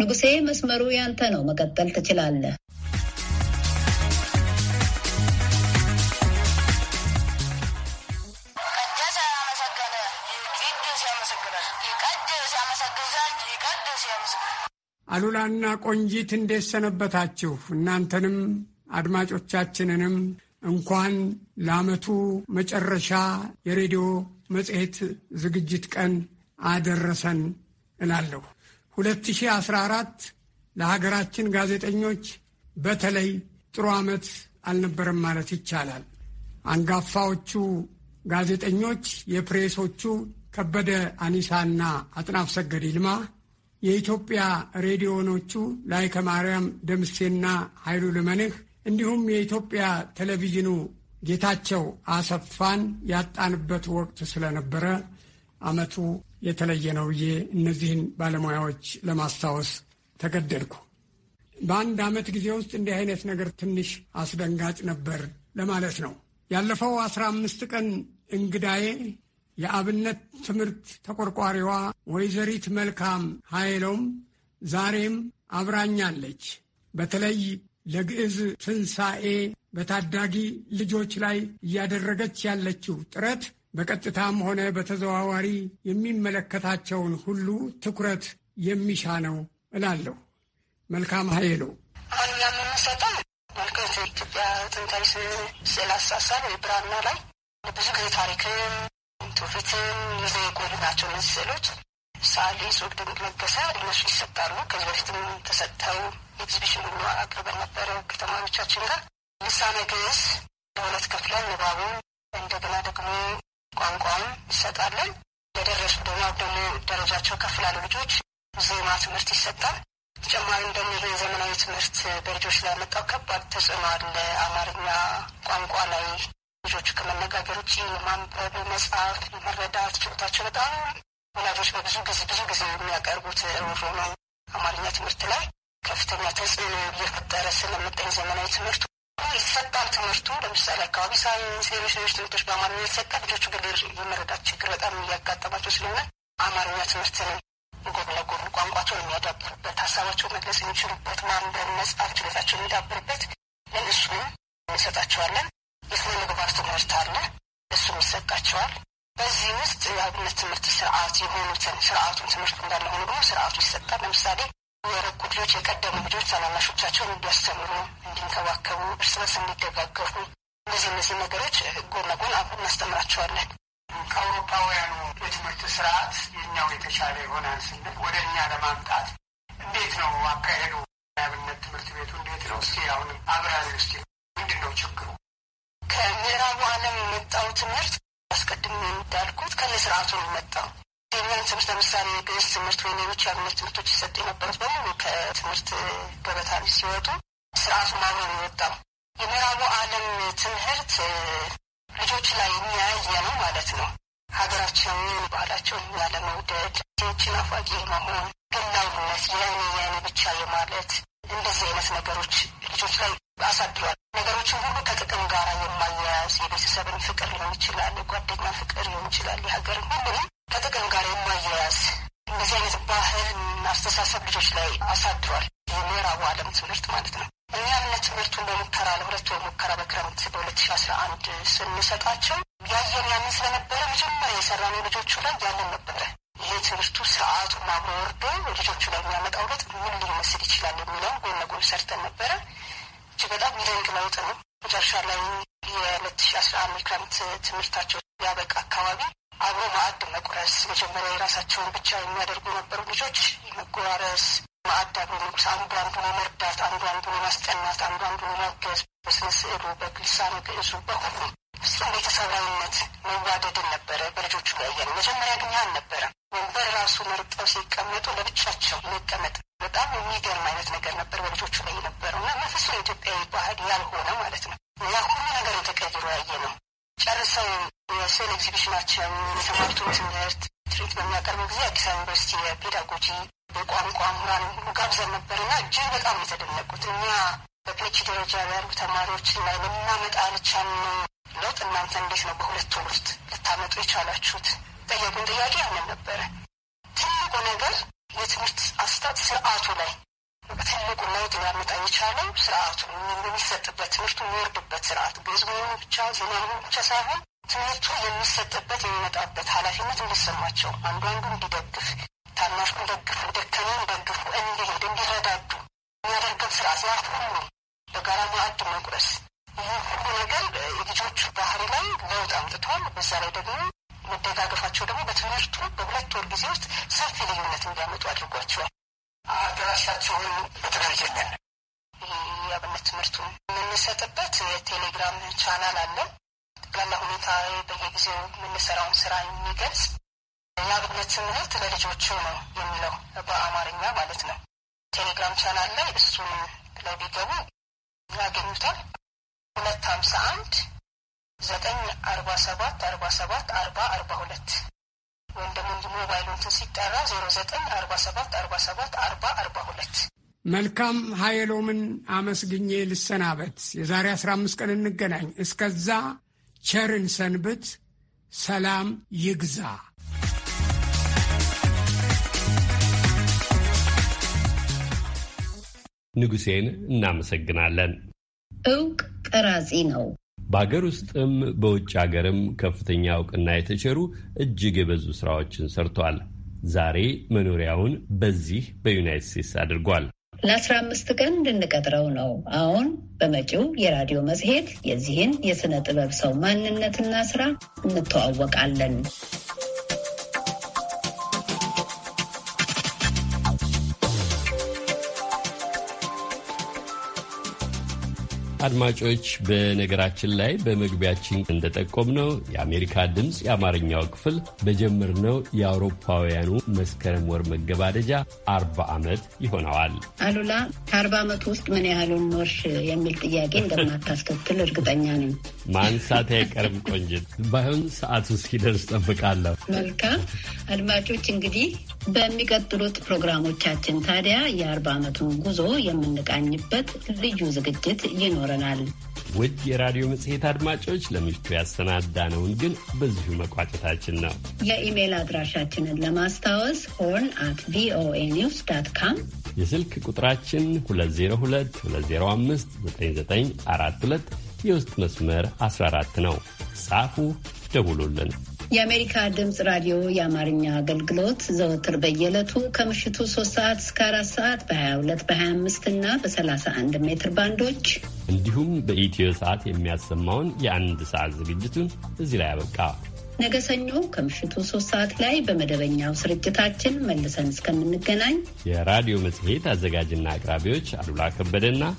ንጉሴ መስመሩ ያንተ ነው፣ መቀጠል ትችላለህ። አሉላና ቆንጂት እንዴት ሰነበታችሁ? እናንተንም አድማጮቻችንንም እንኳን ለዓመቱ መጨረሻ የሬዲዮ መጽሔት ዝግጅት ቀን አደረሰን እላለሁ። 2014 ለሀገራችን ጋዜጠኞች በተለይ ጥሩ ዓመት አልነበረም ማለት ይቻላል። አንጋፋዎቹ ጋዜጠኞች የፕሬሶቹ ከበደ አኒሳና አጥናፍ ሰገድ ይልማ የኢትዮጵያ ሬዲዮኖቹ ላይ ከማርያም ደምሴና ኃይሉ ልመንህ እንዲሁም የኢትዮጵያ ቴሌቪዥኑ ጌታቸው አሰፋን ያጣንበት ወቅት ስለነበረ ዓመቱ የተለየ ነው ብዬ እነዚህን ባለሙያዎች ለማስታወስ ተገደድኩ። በአንድ ዓመት ጊዜ ውስጥ እንዲህ አይነት ነገር ትንሽ አስደንጋጭ ነበር ለማለት ነው። ያለፈው አስራ አምስት ቀን እንግዳዬ የአብነት ትምህርት ተቆርቋሪዋ ወይዘሪት መልካም ኃይሎም ዛሬም አብራኛለች። በተለይ ለግዕዝ ትንሣኤ በታዳጊ ልጆች ላይ እያደረገች ያለችው ጥረት በቀጥታም ሆነ በተዘዋዋሪ የሚመለከታቸውን ሁሉ ትኩረት የሚሻ ነው እላለሁ። መልካም ኃይሉ አሁን የምንሰጠው ኢትዮጵያ ጥንታዊ ስዕል አሳሳል ብራና ላይ ብዙ ጊዜ ታሪክም ትውፊትን ይዘው የቆዩ ናቸው። እነዚህ ስዕሎች ሰዓሊ ጽሑፍ ድንቅ ነገሰ እነሱ ይሰጣሉ። ከዚህ በፊትም ተሰጥተው ኤግዚቢሽን ሁሉ አቅርበን ነበረ ከተማሪዎቻችን ጋር። ልሳነ ግዕዝ ለሁለት ከፍለን ንባቡን እንደገና ደግሞ ቋንቋውን ይሰጣለን። ለደረሱ ደግሞ ደግሞ ደረጃቸው ከፍ ላሉ ልጆች ዜማ ትምህርት ይሰጣል። ተጨማሪም ደግሞ ዘመናዊ ትምህርት በልጆች ላይ ያመጣው ከባድ ተጽዕኖ አለ አማርኛ ቋንቋ ላይ ልጆቹ ከመነጋገር ውጭ ማንበብ፣ መጽሐፍ፣ መረዳት ችሎታቸው በጣም ወላጆች በብዙ ጊዜ ብዙ ጊዜ የሚያቀርቡት ሮሮ ነው። አማርኛ ትምህርት ላይ ከፍተኛ ተጽዕኖ እየፈጠረ ስለመጣኝ ዘመናዊ ትምህርቱ ይሰጣል። ትምህርቱ ለምሳሌ አካባቢ ሳይንስ፣ ሌሎች ሌሎች ትምህርቶች በአማርኛ ይሰጣ። ልጆቹ ግን የመረዳት ችግር በጣም እያጋጠማቸው ስለሆነ አማርኛ ትምህርት ነው ጎን ለጎን ቋንቋቸውን የሚያዳብሩበት፣ ሀሳባቸው መግለጽ የሚችሉበት፣ ማንበብ መጻፍ ችሎታቸው የሚዳብሩበት ለእነሱም እንሰጣቸዋለን የስነ ትምህርት አለ። እሱም ይሰጣቸዋል። በዚህ ውስጥ የአብነት ትምህርት ስርዓት የሆኑትን ስርዓቱን ትምህርት እንዳለ ሆኖ ደግሞ ስርዓቱ ይሰጣል። ለምሳሌ የረኩ ልጆች የቀደሙ ልጆች ታናናሾቻቸውን እንዲያስተምሩ፣ እንዲንከባከቡ፣ እርስ በርስ እንዲደጋገፉ እነዚህ እነዚህ ነገሮች ጎን ለጎን አብረን እናስተምራቸዋለን። ከአውሮፓውያኑ የትምህርት ስርዓት የኛው የተሻለ የሆነ ስንል ወደ እኛ ለማምጣት እንዴት ነው አካሄዱ? የአብነት ትምህርት ቤቱ እንዴት ነው? እስኪ አሁን አብራሪ ውስጥ ምንድን ነው ችግሩ? ከምዕራቡ ዓለም የመጣው ትምህርት አስቀድሜ እንዳልኩት ከነስርዓቱ ነው የመጣው። የኛን ትምህርት ለምሳሌ ግዕዝ ትምህርት ወይ ሌሎች የአብነት ትምህርቶች ይሰጡ የነበሩት በሙሉ ከትምህርት ገበታ ሲወጡ ስርዓቱ ማብረ ነው የወጣው። የምዕራቡ ዓለም ትምህርት ልጆች ላይ የሚያየ ነው ማለት ነው። ሀገራቸውን፣ ባህላቸውን ያለመውደድ፣ ሴዎችን አፋቂ መሆን፣ ግላዊነት፣ የእኔ የእኔ ብቻ የማለት እንደዚህ አይነት ነገሮች ልጆች ላይ አሳድሯል። ነገሮችን ሁሉ ከጥቅም ጋር የማያያዝ የቤተሰብን ፍቅር ሊሆን ይችላል፣ የጓደኛ ፍቅር ሊሆን ይችላል፣ የሀገርን ሁሉንም ከጥቅም ጋር የማያያዝ እንደዚህ አይነት ባህልና አስተሳሰብ ልጆች ላይ አሳድሯል። የምዕራቡ ዓለም ትምህርት ማለት ነው። እኛም ትምህርቱን በሙከራ ለሁለት ወር ሙከራ በክረምት በሁለት ሺ አስራ አንድ ስንሰጣቸው ያየን ያምን ስለነበረ መጀመሪያ የሰራነው ልጆቹ ላይ ያንን ነበረ ይህ ትምህርቱ ስርዓቱ አብሮ ወርዶ ልጆቹ ላይ የሚያመጣው ለውጥ ምን ሊመስል ይችላል የሚለው ጎን ለጎን ሰርተን ነበረ። እጅ በጣም ሚደንቅ ለውጥ ነው። መጨረሻ ላይ የሁለት ሺ አስራ አንድ ክረምት ትምህርታቸው ያበቃ አካባቢ አብሮ ማዕድ መቁረስ መጀመሪያ የራሳቸውን ብቻ የሚያደርጉ ነበሩ ልጆች መጎራረስ፣ ማዕድ አብሮ መቁረስ፣ አንዱ አንዱን መርዳት፣ አንዱ አንዱን ማስጠናት፣ አንዱ አንዱን ማገዝ በስነ ስዕሉ፣ በግልሳነ ግዕዙ በሁሉም ፍጹም ቤተሰባዊነት መዋደድን ነበረ በልጆቹ ላይ ያየን። መጀመሪያ ግን ያን ነበረ። ወንበር ራሱ መርጠው ሲቀመጡ ለብቻቸው መቀመጥ በጣም የሚገርም አይነት ነገር ነበር በልጆቹ ላይ የነበረው እና በፍጹም ኢትዮጵያዊ ባህል ያልሆነ ማለት ነው። ያ ሁሉ ነገር የተቀይሮ ያየ ነው። ጨርሰው የስዕል ኤግዚቢሽናቸው የተማሩትን ትምህርት ትርኢት በሚያቀርበው ጊዜ አዲስ አበባ ዩኒቨርሲቲ የፔዳጎጂ የቋንቋ ምሁራን ጋብዘን ነበር እና እጅግ በጣም የተደነቁት እኛ በፒኤችዲ ደረጃ ያሉ ተማሪዎችን ላይ ልናመጣ አልቻልንም ለውጥ እናንተ እንዴት ነው በሁለት ወር ውስጥ ልታመጡ የቻላችሁት? ጠየቁን ጥያቄ ያንን ነበረ። ትልቁ ነገር የትምህርት አስተት ስርዓቱ ላይ ትልቁ ለውጥ ሊያመጣ የቻለው ስርዓቱ የሚሰጥበት ትምህርቱ የሚወርድበት ስርዓት ቤዝሙኑ ብቻ ዜናሙ ብቻ ሳይሆን ትምህርቱ የሚሰጥበት የሚመጣበት ኃላፊነት እንዲሰማቸው አንዱ አንዱ እንዲደግፍ ታናሹ እንደግፉ ደከመን ደግፉ እንዲሄድ እንዲረዳዱ የሚያደርገን ስርዓት ያ ሁሉ በጋራ ማዕድ መቁረስ ይህ ነገር የልጆቹ ባህሪ ላይ ለውጥ አምጥቷል። በዛ ላይ ደግሞ መደጋገፋቸው ደግሞ በትምህርቱ በሁለት ወር ጊዜ ውስጥ ሰፊ ልዩነት እንዲያመጡ አድርጓቸዋል። አድራሻቸውን በተለይኛል የአብነት ትምህርቱን የምንሰጥበት የቴሌግራም ቻናል አለን። ጠቅላላ ሁኔታ በየጊዜው የምንሰራውን ስራ የሚገልጽ የአብነት ትምህርት ለልጆቹ ነው የሚለው በአማርኛ ማለት ነው። ቴሌግራም ቻናል ላይ እሱን ብለው ቢገቡ ያገኙታል። ሁለት ሀምሳ አንድ ዘጠኝ አርባ ሰባት አርባ ሰባት አርባ አርባ ሁለት ወይም ደግሞ እንዲ እንትን ሲጠራ ዜሮ ዘጠኝ አርባ ሰባት አርባ ሰባት አርባ አርባ ሁለት መልካም ሀይሎምን አመስግኜ ልሰናበት። የዛሬ አስራ አምስት ቀን እንገናኝ። እስከዛ ቸርን ሰንብት። ሰላም ይግዛ። ንጉሴን እናመሰግናለን። እውቅ ተራጺ ነው። በሀገር ውስጥም በውጭ ሀገርም ከፍተኛ እውቅና የተቸሩ እጅግ የበዙ ስራዎችን ሰርቷል። ዛሬ መኖሪያውን በዚህ በዩናይት ስቴትስ አድርጓል። ለአስራ አምስት ቀን እንድንቀጥረው ነው። አሁን በመጪው የራዲዮ መጽሔት የዚህን የሥነ ጥበብ ሰው ማንነትና ስራ እንተዋወቃለን። አድማጮች በነገራችን ላይ በመግቢያችን ነው የአሜሪካ ድምፅ የአማርኛው ክፍል በጀመርነው የአውሮፓውያኑ መስከረም ወር መገባደጃ አርባ ዓመት ይሆነዋል። አሉላ ከአርባ ዓመት ውስጥ ምን ያህሉን ኖርሽ የሚል ጥያቄ እንደማታስከትል እርግጠኛ ነኝ። ማንሳት አይቀርም ቆንጅት፣ ባይሆን ሰዓቱ እስኪደርስ ጠብቃለሁ። መልካም አድማጮች፣ እንግዲህ በሚቀጥሉት ፕሮግራሞቻችን ታዲያ የአርባ ዓመቱን ጉዞ የምንቃኝበት ልዩ ዝግጅት ይኖረናል። ውድ የራዲዮ መጽሔት አድማጮች ለምሽቱ ያሰናዳነውን ግን በዚሁ መቋጨታችን ነው። የኢሜይል አድራሻችንን ለማስታወስ ሆርን አት ቪኦኤ ኒውስ ዳት ካም፣ የስልክ ቁጥራችን 2022059942 የውስጥ መስመር 14 ነው። ጻፉ፣ ደውሉልን። የአሜሪካ ድምፅ ራዲዮ የአማርኛ አገልግሎት ዘወትር በየዕለቱ ከምሽቱ 3 ሰዓት እስከ 4 ሰዓት በ22 በ25 እና በ31 ሜትር ባንዶች እንዲሁም በኢትዮ ሰዓት የሚያሰማውን የአንድ ሰዓት ዝግጅቱን እዚህ ላይ አበቃ። ነገ ሰኞ ከምሽቱ 3 ሰዓት ላይ በመደበኛው ስርጭታችን መልሰን እስከምንገናኝ የራዲዮ መጽሔት አዘጋጅና አቅራቢዎች አሉላ ከበደና